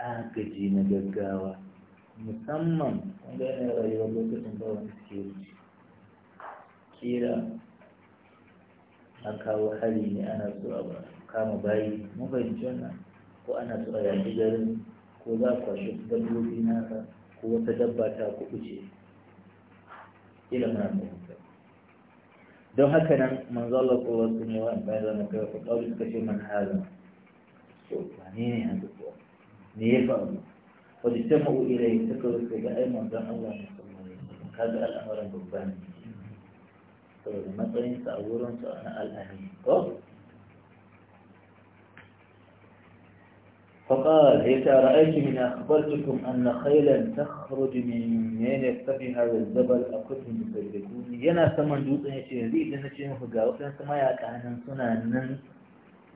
agaji na gaggawa musamman wanda yana rayuwar lokacin da wani suke wuce kira an kawo hari ne ana so a kama bayi mun fahimci wannan ko ana so a yaƙi garin ko za a kwashe dabbobi nasa ko wata dabba ta kuɓuce ila muna fahimta don haka nan manzo Allah ko wasu ne wa'an bayan zama kai ko ɗauki suka ce man hazan So, ba ne ne yanzu ko me ya faru wajen ta ma'u ilai suka rufe ga ai don Allah ne kaga al'amuran babba ne saboda matsayinsa a wurinsu na al'amin ko فقال إذا رأيت من أخبرتكم أن خيلا تخرج من من يستفي هذا الجبل من تجدكم ينا سمن دوت أن شيء ذي إذا نشيء فجاء وكان سما يا كهنا سنا نن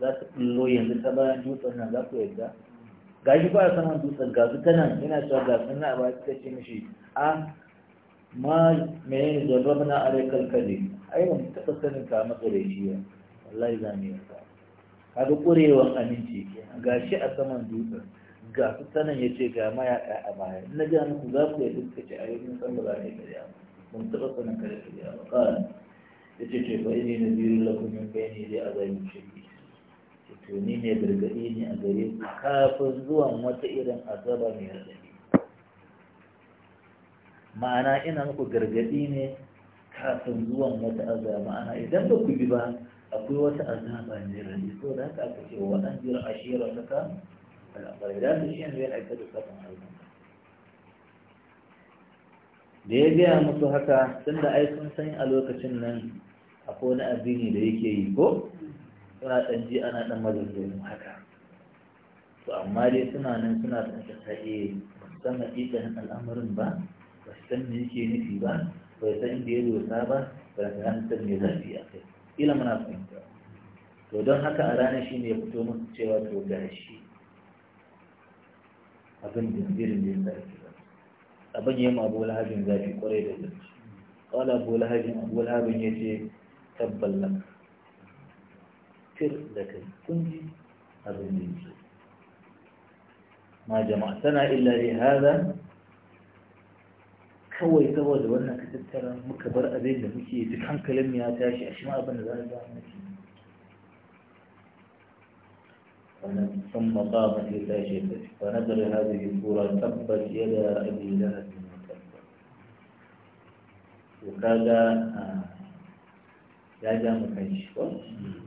لا تقلو يند سبا دوت أن لا كويدا gashi ba saman dutsen ga su ta nan yana cewa ga sun na ba ta ce mishi a ma mai ne jarrabna a rekar kaje ai mun mu taɓa sanin ka matsare shi ya wallahi za mu ka kaga ƙurewan aminci ga gashi a saman dutsen ga su sanan ya ce ga mayaƙa a baya na ji ku za ku yi duk ce a mun san ba za ka yi ba mu sanin ka da karya ba ƙara ya ce ce fa ne na biyu lakumin bayani dai a zai mu shirki to ni ne gargaɗi ne a gare ku kafin zuwan wata irin azaba mai raɗaɗi ma'ana ina muku gargaɗi ne kafin zuwan wata azaba ma'ana idan ba ku bi ba akwai wata azaba ne rani so da haka aka ce wa an jira ashira ka. da su shi yana aikata da ya gaya musu haka tun da ai sun san a lokacin nan akwai wani addini da yake yi ko suna ɗan ji ana ɗan mazalzalin haka to amma dai suna nan suna eh, san ta musamman al'amarin ba ba san me yake nufi ba bai san inda ya dosa ba ba ta an san me zafi a kai ila muna fahimta to don haka a ranar shi ne ya fito musu cewa to gashi abin da zirin da ya sarki ba abin ya ma abu lahabin zafi kwarai da gaske kawai abu lahabin abu lahabin ya ce tabballan fir da kai kun ji abin da ya ce ma jama'a tana illa li hada kawai saboda wannan ka tattara muka bar abin da muke duk hankalin ya tashi a shima abin da za a ga muke ثم قامت إلى شيخه فنزل هذه السورة تبت يدا أبي لهب وتب وكذا ya ja mu kan shi ko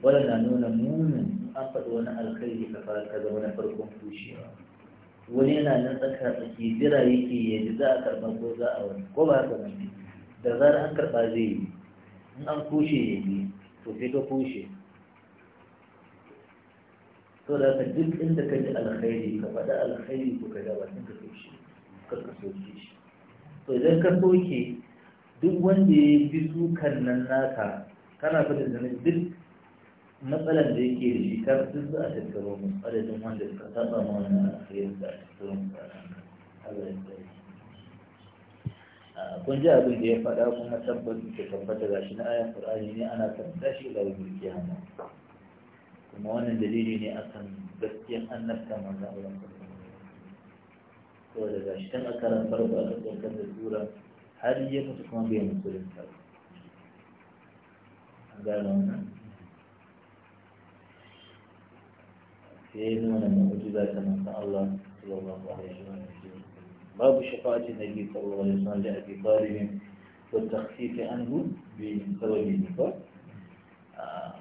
wala na nuna munin an faɗi wani alkhairi ka fara ka zama na farkon kushewa wani yana nan tsaka tsaki jira yake ya ji za a karɓa ko za a wani ko ba haka wani da zarar an karɓa zai yi in an kushe ya yi to sai ka kushe to da ka duk inda ka ji alkhairi ka faɗa alkhairi ko ka gaba sun ka kushe ka ka soke shi to idan ka soke duk wanda ya bi sukan nan naka kana fita da duk matsalar da yake da shi ta fi za a tattaro mu adadin wanda suka saba ma wannan alkhairin da a tattaro mu Allah ya tsare kun ji abin da ya faɗa kuma tabbata ke tabbata ga shi na ayan Qur'ani ne ana karanta shi da wani kiyama kuma wannan dalili ne akan gaskiyar annabta manzo Allah ko da gashi tun a karan farko a kan da sura har ya mutu kuma bai musulunta ba an gano wannan sai ya nuna mu'jiza ta manzon Allah sallallahu alaihi wa sallam babu shafa'ati nabi sallallahu alaihi wa sallam da Abi wa takhfif anhu bi sababi ah,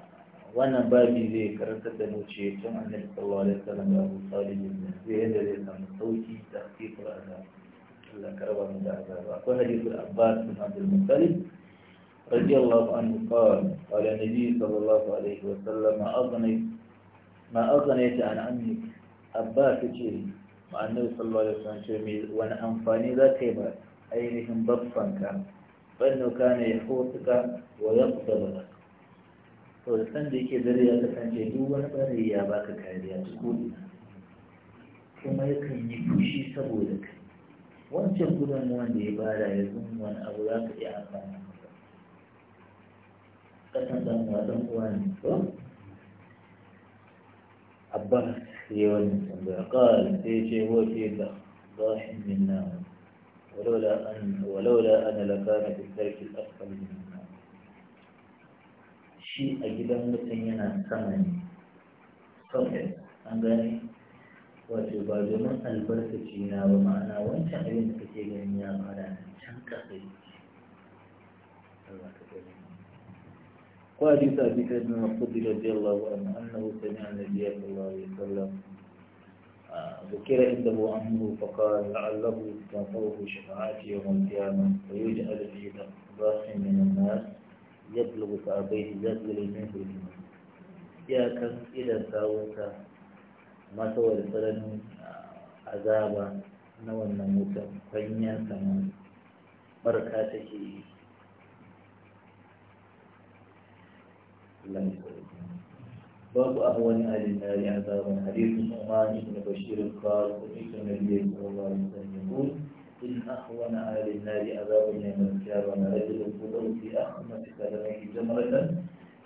wannan babi zai karanta da mu tun annabi sallallahu alaihi da Abu zai yadda zai samu sauki Allah karba mu da akwai Abbas bin Abdul Muttalib radiyallahu anhu qala qala nabi sallallahu alaihi ma aukaneta an amik abba ta ce ma annabi sallallahu alaihi wasallam ce wani amfani za ka yi ba ainihin babbanka bannu kana ya ka wa ya kusa to da san da yake zare ya kasance duk wani bare ya baka kariya ta kodina kuma yakan yi fushi saboda kai wancan gudun wanda ya bada ya zun wani abu za ka iya amfani masa kasan dan uwa dan uwa ne ba. abbas ya wani tambaya ƙal sai ce huwa fi da zahin min na walaula an walaula ana lakana fi min na shi a gidan mutum yana sama ne kawai an gani? wato ba domin albarkaci na ba ma'ana wancan abin da kake ganin ya fara can kasai Allah ka gani وحديث أبي سعيد بن مسعود رضي الله عنه أنه سمع النبي صلى الله عليه وسلم آه، ذكر عنده أنه فقال لعله تنفعه شفاعتي يوم القيامة ويجعل في راس من الناس يبلغ كعبيه اليمين في الجنة يا كم إذا ساوت ما سوى لسلم آه، عذابا نوى النموت فإن يا سمان بركاته الله باب أهون أهل النار عذابا حديث نعمان بن بشير قال سمعت النبي صلى الله عليه وسلم يقول إن أهون أهل النار عذابا يوم القيامة رجل فضل في أخمة كلمه جمرة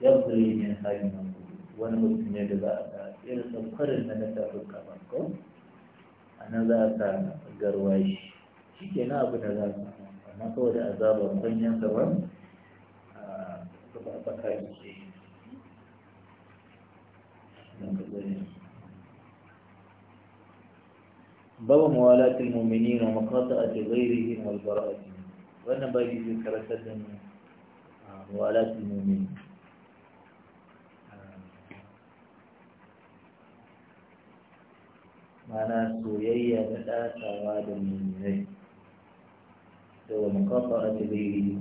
يغلي من هاي wani ونمت من da za a sa irin saukarin na na tafi kamar ko a nan za a sa garwashi shi ke na abu da za a باب موالاة المؤمنين ومقاطعة غيرهم والبراءة wannan babi zai karatar da mu muwalatul mu'min mana soyayya da ɗatawa da mu'minai da wa muqafa'a a ghairi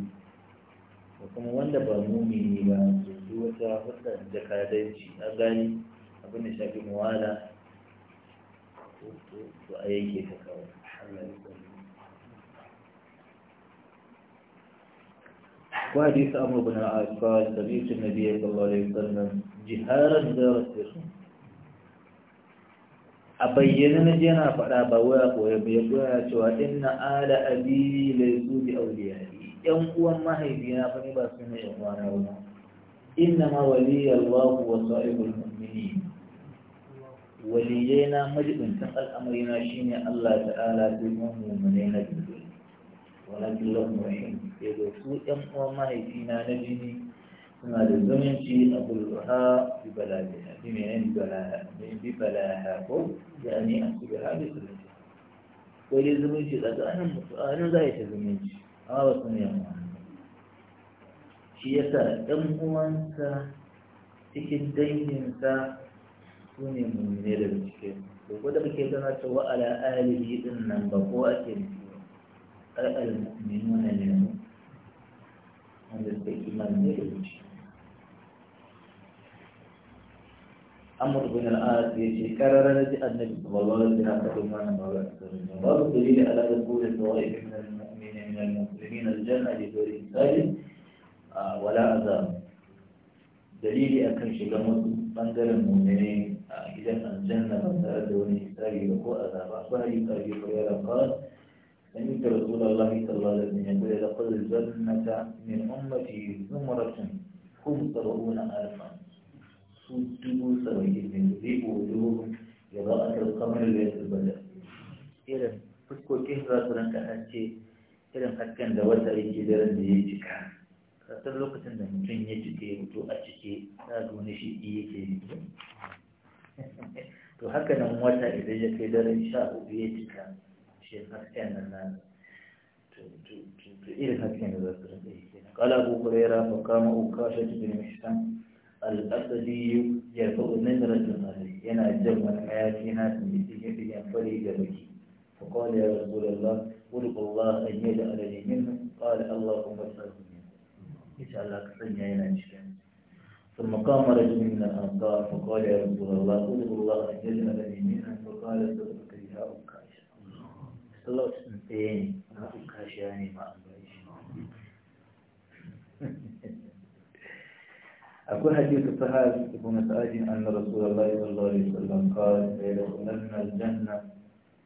da kuma wanda ba mu'mini ba su wata hudda da kadanci a gani akwai ne shafi muwala to a yanke ta kawai kuma hadisi amur na a bayyana na ji yana faɗa ba wuya ko ya biya ko ya cewa inna ala abi lai su bi auliya yan uwan mahaifi ba su ne yan wani wani inna ma wali wasu aibul waliyaina majibintan al'amarina shi ne Allah ta'ala domin mummune na jini walakin rahim ya ga su ‘yan uwan mahaifina na jini suna da zumunci a bulha bi balaha bi menen bi balaha ko da ne a su bi hali zumunci ko dai zumunci tsakanin mutu'anin za a yi ta zumunci amma ba su ne yamma shi yasa ɗan uwansa cikin danginsa su ne mummune da bincike to ko da على zana cewa ala المؤمنون din nan ba ko ake أمر بن الآت يجي كرر نجي النبي الذي الله عليه وسلم فقلنا نبغى باب الدليل على دخول الطوائف من المؤمنين من المسلمين الجنة لدور سالم آه، ولا عذاب دليلي أكن شيء لما المؤمنين gidan aljanna ba tare da wani hisabi ba ko azaba ba yi kabi ko ya rafa dan yi rasulullahi sallallahu alaihi da ya gode da qad jannata min ummati zumratun hum sab'una alfan su dubu saba'in ba a kalkamar da ya tabbata irin fuskokin za su ce irin hakan da wata ya cika kasar lokacin da mutum ya cike a cike yake to haka nan wata idan ya kai daren sha uku ya cika shi hasken nan na to irin hasken da za su rinka yi na. kala abu kurera fa kama ukasha bin mishkan al-asadi yarfa da rajul alai yana jan wani mayafi na su mai tsigen fari da baki fa kawai ya rasu da Allah wadda Allah ya yi da alai minhu kawai Allah kuma sarfi ne insha Allah ka sanya yana cikin ثم قام رجل من الأنصار فقال يا رسول الله ادعو الله أن يجعل لي منها فقال صدقت يا أم كاشف صلوت سنتين ما أم كاشف يعني ما أم أقول حديث الصحابة ابن سعد أن رسول الله صلى الله عليه وسلم قال ليدخلن الجنة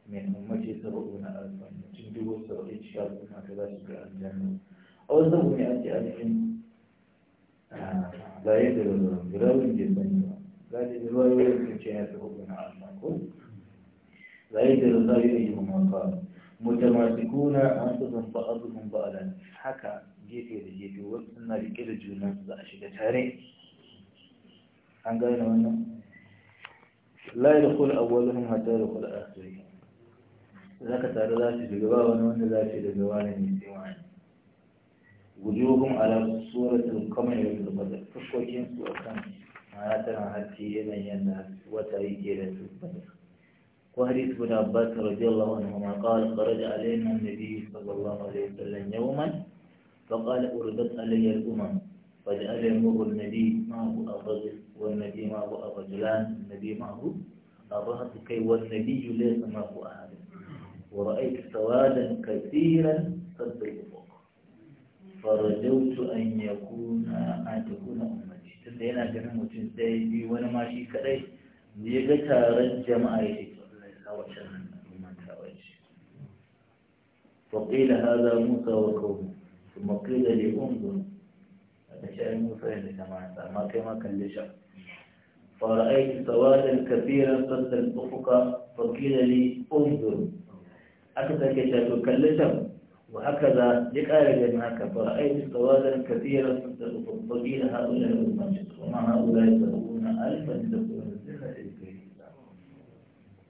من أمتي سبعون ألفا تجدوا سبعين شاب ما تباشر الجنة أو سبعمائة ألف لا يدر الجراوي جنبني لا يدر الوايوي كتشيات ربنا عشنا كل لا يدر الضيري هما قال متماسكون أنفسهم بعضهم بعضا حكى جيتي رجيتي وصلنا لكل جنات زاشدة تاريخ عن قائل وانا لا يدخل أولهم حتى يدخل آخرهم ذاك تارلاتي جلوا وانا ذاك جلوا لنسيوان وجوههم على صورة القمر والبدر فكوكين سوكان معناتنا حتى إذا ينهى وتأيدي للبدر وحديث ابن عباس رضي الله عنهما قال خرج علينا النبي صلى الله عليه وسلم يوما فقال أردت علي الأمم فجعل يمر النبي معه الرجل والنبي معه الرجلان النبي معه الرهط كي والنبي ليس معه أحد ورأيت سوادا كثيرا قد farajautu an yakuna an takuna ummati tunda yana ganin mutum ɗaya biyu wani mashi shi kadai ne ga taron jama'a ya shi tsallai kawacin ummata wace faƙila haza musa wa kawo kuma ƙila ne ungun a da shi ayi musa yadda jama'a ta amma kai ma kalli lisha fara aiki sawadin kafira sassan ƙofuka faƙila ne ungun aka sake shafi kallon وهكذا لقائل جميعا كفر أي مستوازا كثيرا فضيل هؤلاء المنجد وما هؤلاء يتبقون ألفا يتبقون السنة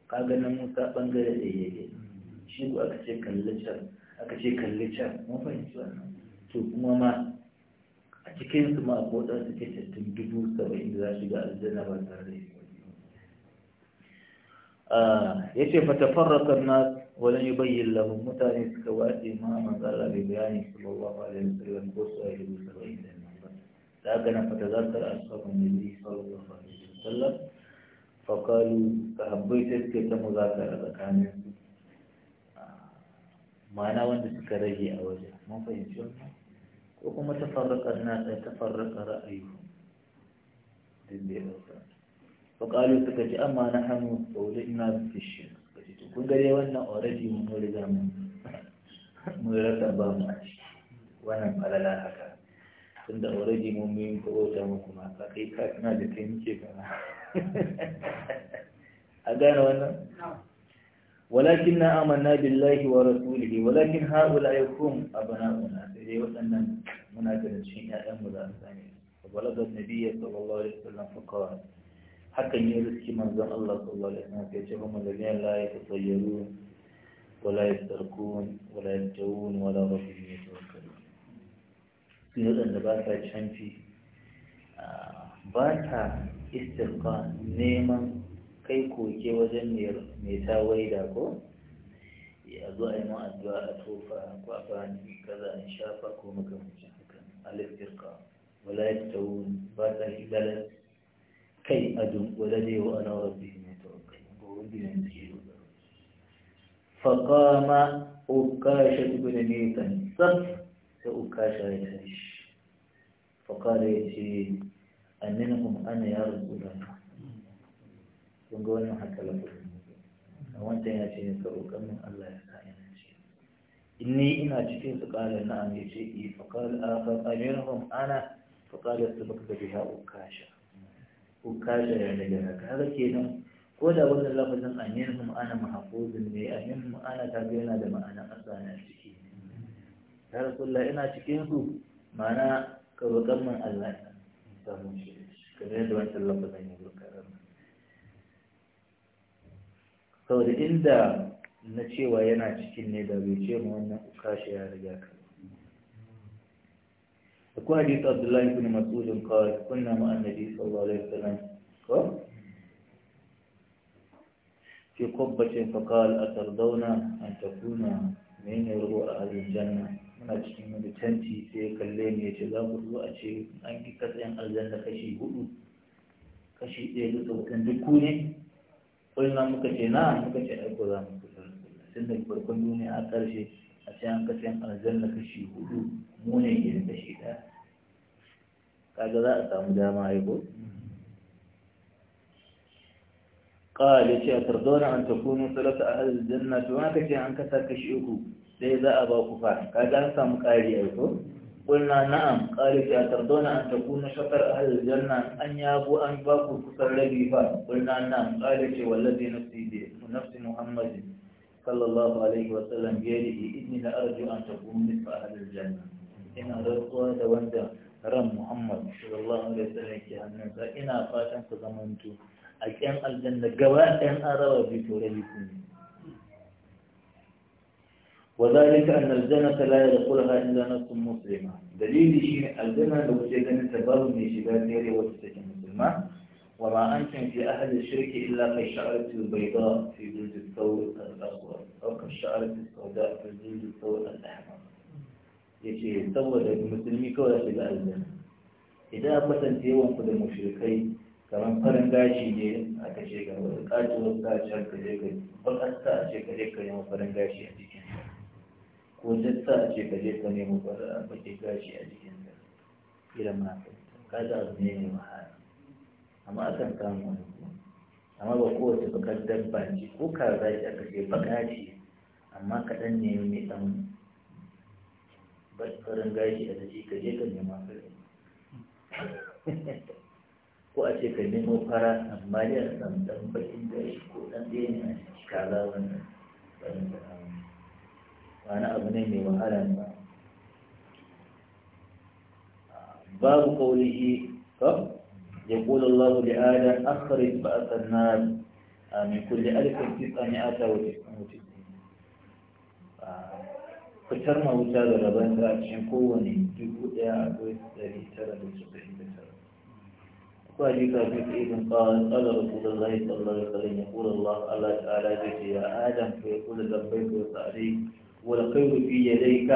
قال قلنا موسى بنجل إيه شيكو أكشيك اللجر أكشيك اللجر ما فاين شو أنا شوف ماما أكشيكين ثم أقول أنت كيش تنجبو سوى إن ذا الجنة الزنا بالتاريخ آه يشي الناس walan yi bayyin lahun mutane suka wace ma manzo Allah bai bayani sallallahu alaihi wasallam ko su ayi musu bayin da nan ba da haka nan fatazartar ashabun nabi sallallahu alaihi wasallam fa qalu sahabbai sai suka ta muzakara tsakanin su ma'ana wanda suka rage a wajen mun fahimci wannan ko kuma tafarraqar na suka amma kace gare wannan already mun riga mu mun rasa ba mu a ciki wannan falala haka tunda already mun yi kowata mu kuma ka kai ka kana da kai muke gana a gane wannan walakin na amanna billahi wa rasulihi walakin haula yakum abana'una sai dai waɗannan muna ganin ya ƴaƴan mu za su sani fa balaga nabiyyi sallallahu alaihi wasallam fa qala hakan ya riski manzon Allah sallallahu alaihi wasallam ya ce kuma da ne la yatasayyaru wala yastarkun wala yatawun wala rabbihim yatawakkalun su waɗanda ba ta canfi ba ta istirka neman kai koke wajen mai ta waida ko ya zo a yi ma addu'a a tofa ko a bani kaza a shafa ko makamancin hakan al-istirka wala yatawun ba ta hidalar kai a dunkule dai wa ana rabbi ne ta wakai ga wani ne suke dogaro faƙama ukasha ibn nisan saf da ukasha ya tashi faƙara ya ce anninakum ana ya rasula kun ga wannan haka lafazin a wancan ya ce ne ka roƙar min Allah ya sa ina ce inni ina cikin su ƙalar na'am ya ce i eh, faƙar amirhum ana faƙar su baka biha ukasha ko kashe ya daga haka haka kenan ko da wannan lafazin mu ana mahfuzun ne mu ana ta yana da ma'ana asana ciki ya rasulullah ina cikin su ma'ana ka roƙan man Allah ya samu shi kamar yadda wancan lafazin ya roƙa saboda inda na cewa yana cikin ne da bai ce ma wannan ukashi ya riga ka akwai hadith abdullahi ibn mas'ud qala kunna ma annabi sallallahu alaihi wasallam ko fi qubbatin fa qala atardawna an takuna min ruhu ahli janna muna cikin wani tanti sai ya kalle ni ya ce za ku zo a ce an ki katsayin aljanna kashi hudu kashi ɗaya da sautan duk ku ne na muka ce na muka ce aiko za mu kusa Sun da farkon duniya a ƙarshe a ce an katsayin aljanna kashi hudu mu ne irin da shi ɗaya kaga قال يا تردون أن تكونوا ثلاثة أهل الجنة وما كشي عن كثر كشيكو ليه ذا أباكو فاهم كذا سام قاري أيكو قلنا نعم قال يا تردون أن تكونوا شطر أهل الجنة أن يابوا أن باكو كثر لدي فاهم قلنا نعم قال يا والذي نفسي بي نفس محمد صلى الله عليه وسلم بيده إذن لأرجو أن تكونوا مثل أهل الجنة ina rantsuwa da wanda ran Muhammad sallallahu alaihi wasallam ke hannun sa ina fatan ku zaman tu a kyan aljanna gaba ɗayan an rawa biyu to rabi ku ne وذلك أن الجنة لا يدخلها إلا نفس مسلمة دليل شيء الجنة لو سيكون تباب من شباب غير وتسكن مسلمة وما أنتم في أهل الشرك إلا كالشعرة البيضاء في جلد الثور الأسود أو كالشعرة السوداء في جلد الثور الأحمر ya ce saboda musulmi kawai da shiga aljanna idan a kasance yawanku da mushrikai kamar farin gashi ne a kashe ga wani kaci wasu kaci har kaje ka bakasta a ce kaje ka nemo farin gashi a jikin ko jatta a ce kaje ka nemo farin gashi a jikin ka irin mafi kaji abu ne mai wahala amma akan samu wani ku. amma ba kowace bakar dabba ce ko kaza ce aka ce baka ce amma kaɗan ne mai ɗan farin gashi a jiki ka je ka nema fari ko a ce ka nemo fara amma ya san dan bakin gashi ko dan ɗaya ne a jiki kaza wannan farin da wani abu ne mai wahala ba babu kaulihi ko يقول الله لآدم أخرج بأس النار من كل ألف تسعمائة وتسعين fitar ma wuta da rabon za a kowane dubu ɗaya a ɗari tara da da قال قال رسول الله صلى الله عليه وسلم يقول الله الله تعالى جيت يا آدم فيقول لبيك وسعديك ولقيت في يديك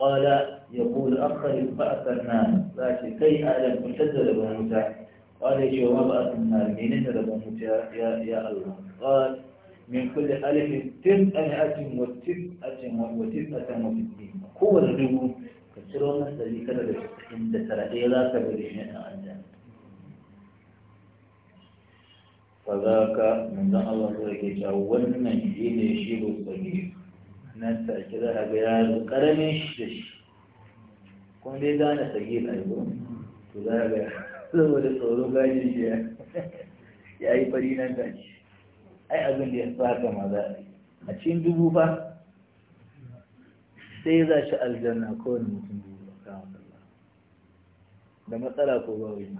قال يقول أخرج بأس النار لكن كي آدم كنت تذهب قال يا شباب بأس النار من تذهب يا يا الله قال من كل ألف أتم تسعة وتسعة وتسعة وستين قوة الجمهور كسروا مسألة كذا عند ترى لا كبر شيء عند فذاك من ذا الله سبحانه وتعالى من جين يشيب الصغير ناس كذا هجار قرن الشش كون دي دانا صغير أيضا فذاك هو اللي صوروا قاعدين يا أي فرينا قاعدين ai abin da ya fi haka ma za a yi a cikin dubu fa sai za shi aljanna kowane mutum dubu a da matsala ko ba wani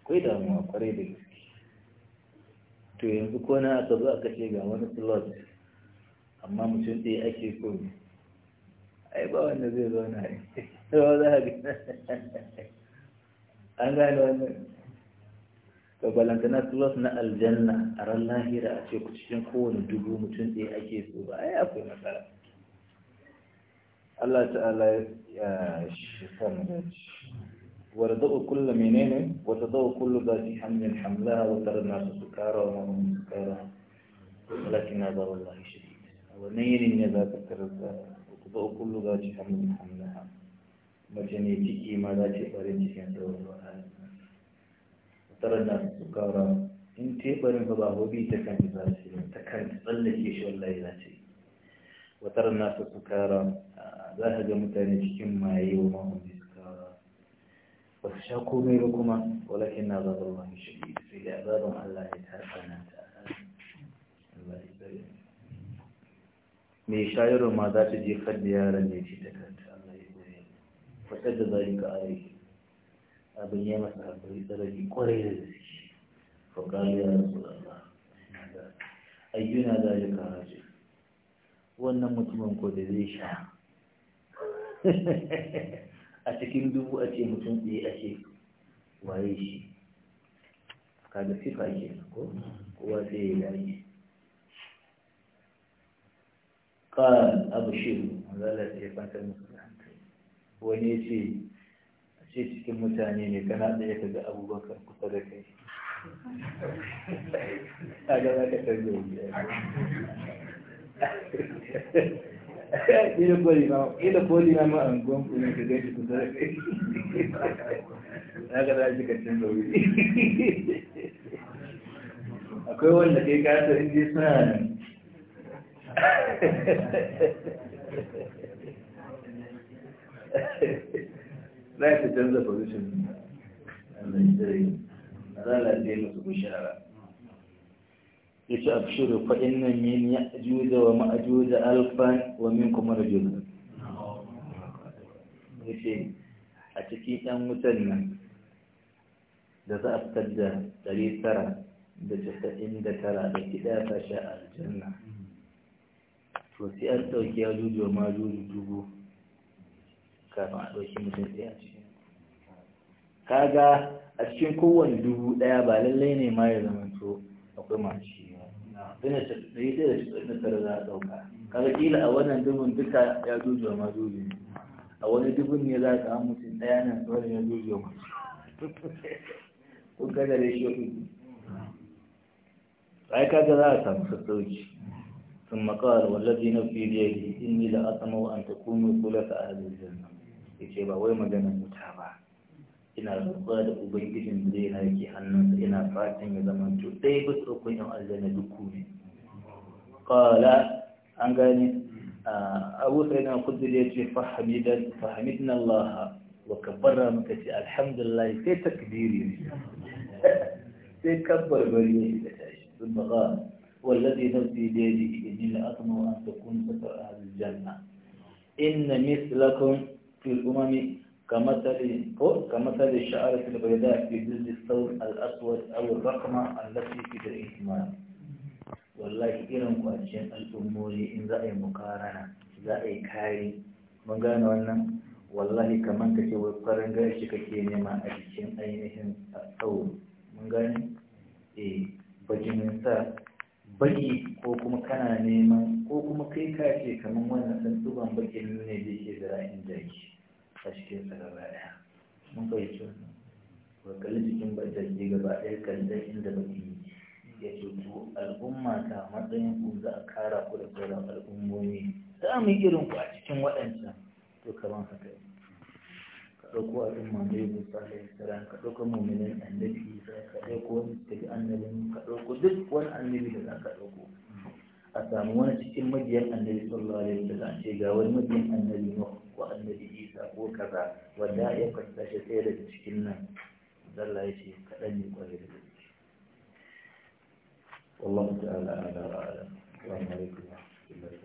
akwai damuwa kwarai da gaske to yanzu ko na aka zo aka ce ga wani slot amma mutum ɗaya ake so ne ai ba wanda zai zauna ne ba za a gina an gane wannan babalantana su wasu na aljanna a ran lahira a ce cikin kowane dubu mutum ɗaya ake so ba a yi akwai matsala Allah ta'ala ya shi sanu wa razaɓa kullum menene wa razaɓa kullum za su yi hamla wa tsarar nasu su kara wa mamun su kara alaƙi na zaɓa Allah shi a wannan yini ne za ka karanta wa razaɓa kullum za su yi hamla mace ne ciki ma da ce ɓarin cikin sauran wa'ala tsaron na su kara in teɓarin ba ba hobi ta kan za su yi ta kan tsallake shi wallahi za ce watar na su kara za ka ga mutane cikin maye wa mahun bi su kara ba su sha komai ba kuma walakin na zaɓar wani shiri sai da zaɓar allah ya tarfa na ta mai shayarwa ma za ta jefar da yaran da ya ce ta kanta allah ya goya wata da zalika a rai abin ya masa haɓari sarari kwarai da gaske faƙali ya rasu Allah ayyuna da ya ce wannan mutumin ko da zai sha a cikin dubu a ce mutum ɗaya a ce waye shi kaga sifa ke ko kowa sai ya yi قال أبشر هذا musu يفعل المسلم wani ya ce ce cikin mutane ne kana abubakar kusa da kai a ga za ka tarbe ila koli ma ila koli ma an ka gaji kusa da kai za shi ka canza wuri akwai wanda kai ka sa inda suna nan Thank you. za ta canza position lalace musu bishara ya ce abshiru fa nan yin ya ajuza wa ma'ajuza alfan wa min kuma da juza ya ce a cikin yan wutan nan da za a fitar da ɗari tara da casa'in da tara da kiɗa ta sha a aljanna to sai an ɗauki ya juju wa ma juju dubu kafin a ɗauki mutum ɗaya ce kaga a cikin kowane dubu daya ba lallai ne ma ya zama to akwai masu shi ba sai da ɗari da shi tara za a ɗauka kaga kila a wannan dubun duka ya jujuwa ma dubu ne a wani dubun ne za ka samu mutum daya nan wani ya jujuwa ma kun kaga da shi kuɗi ai kaga za a samu sassauci ثم قال والذي نفي بيده اني لأطمع أن تكونوا خلفاء أهل الجنة yace ba wai maganar wuta ina rantsuwa da ubangijin da zai narke hannunsa ina fatan ya zama to ɗaya ba su kun yan aljanna duk ne qala an gane abu sai na kudu ya ce fahamidan fahimidna allah wa kabbara muka ce alhamdulillah sai takbiri sai kabbar bari ne da tashi sun baka wallazi nafsi biyadihi inni la atma an takun satar ahli aljanna inna mislakum fil umami كمثل كمثل الشعارة البيضاء في جلد الثور الأسود أو الرقمة التي في الإهتمام wallahi irin kwanciyar al'ummomi in za a yi mukarana za a yi kare mun gane wannan wallahi kamar ka ce wai farin gashi kake nema a jikin ainihin mun e bajinin sa baki ko kuma kana neman ko kuma kai ka ce kamar wannan san tuban bakin ne da yake da ra'ayin jaki Fashe ta gaba ɗaya mun bai ce ba kalli cikin bajjaji gaba ɗaya kallon inda yi ya ce to al'umma ta matsayin ku za a kara ku da sauran al'ummomi za mu yi irin ku a cikin waɗancan to kamar haka ka ɗauko al'umma mai musa ya tsara ka ɗauko mummunan annabi ka ɗauko wani tafi annabi, ka ɗauko duk wani annabi da za ka ɗauko a samu wani cikin majiyar annabi sallallahu alaihi wasallam a ce ga wani mabiyan annabi ko annabi isa ko kaza wanda ya kwanta shi sai da cikin nan Allah ya ce kaɗan ne kwarai da shi wallahu ta'ala ala wa alaikum assalam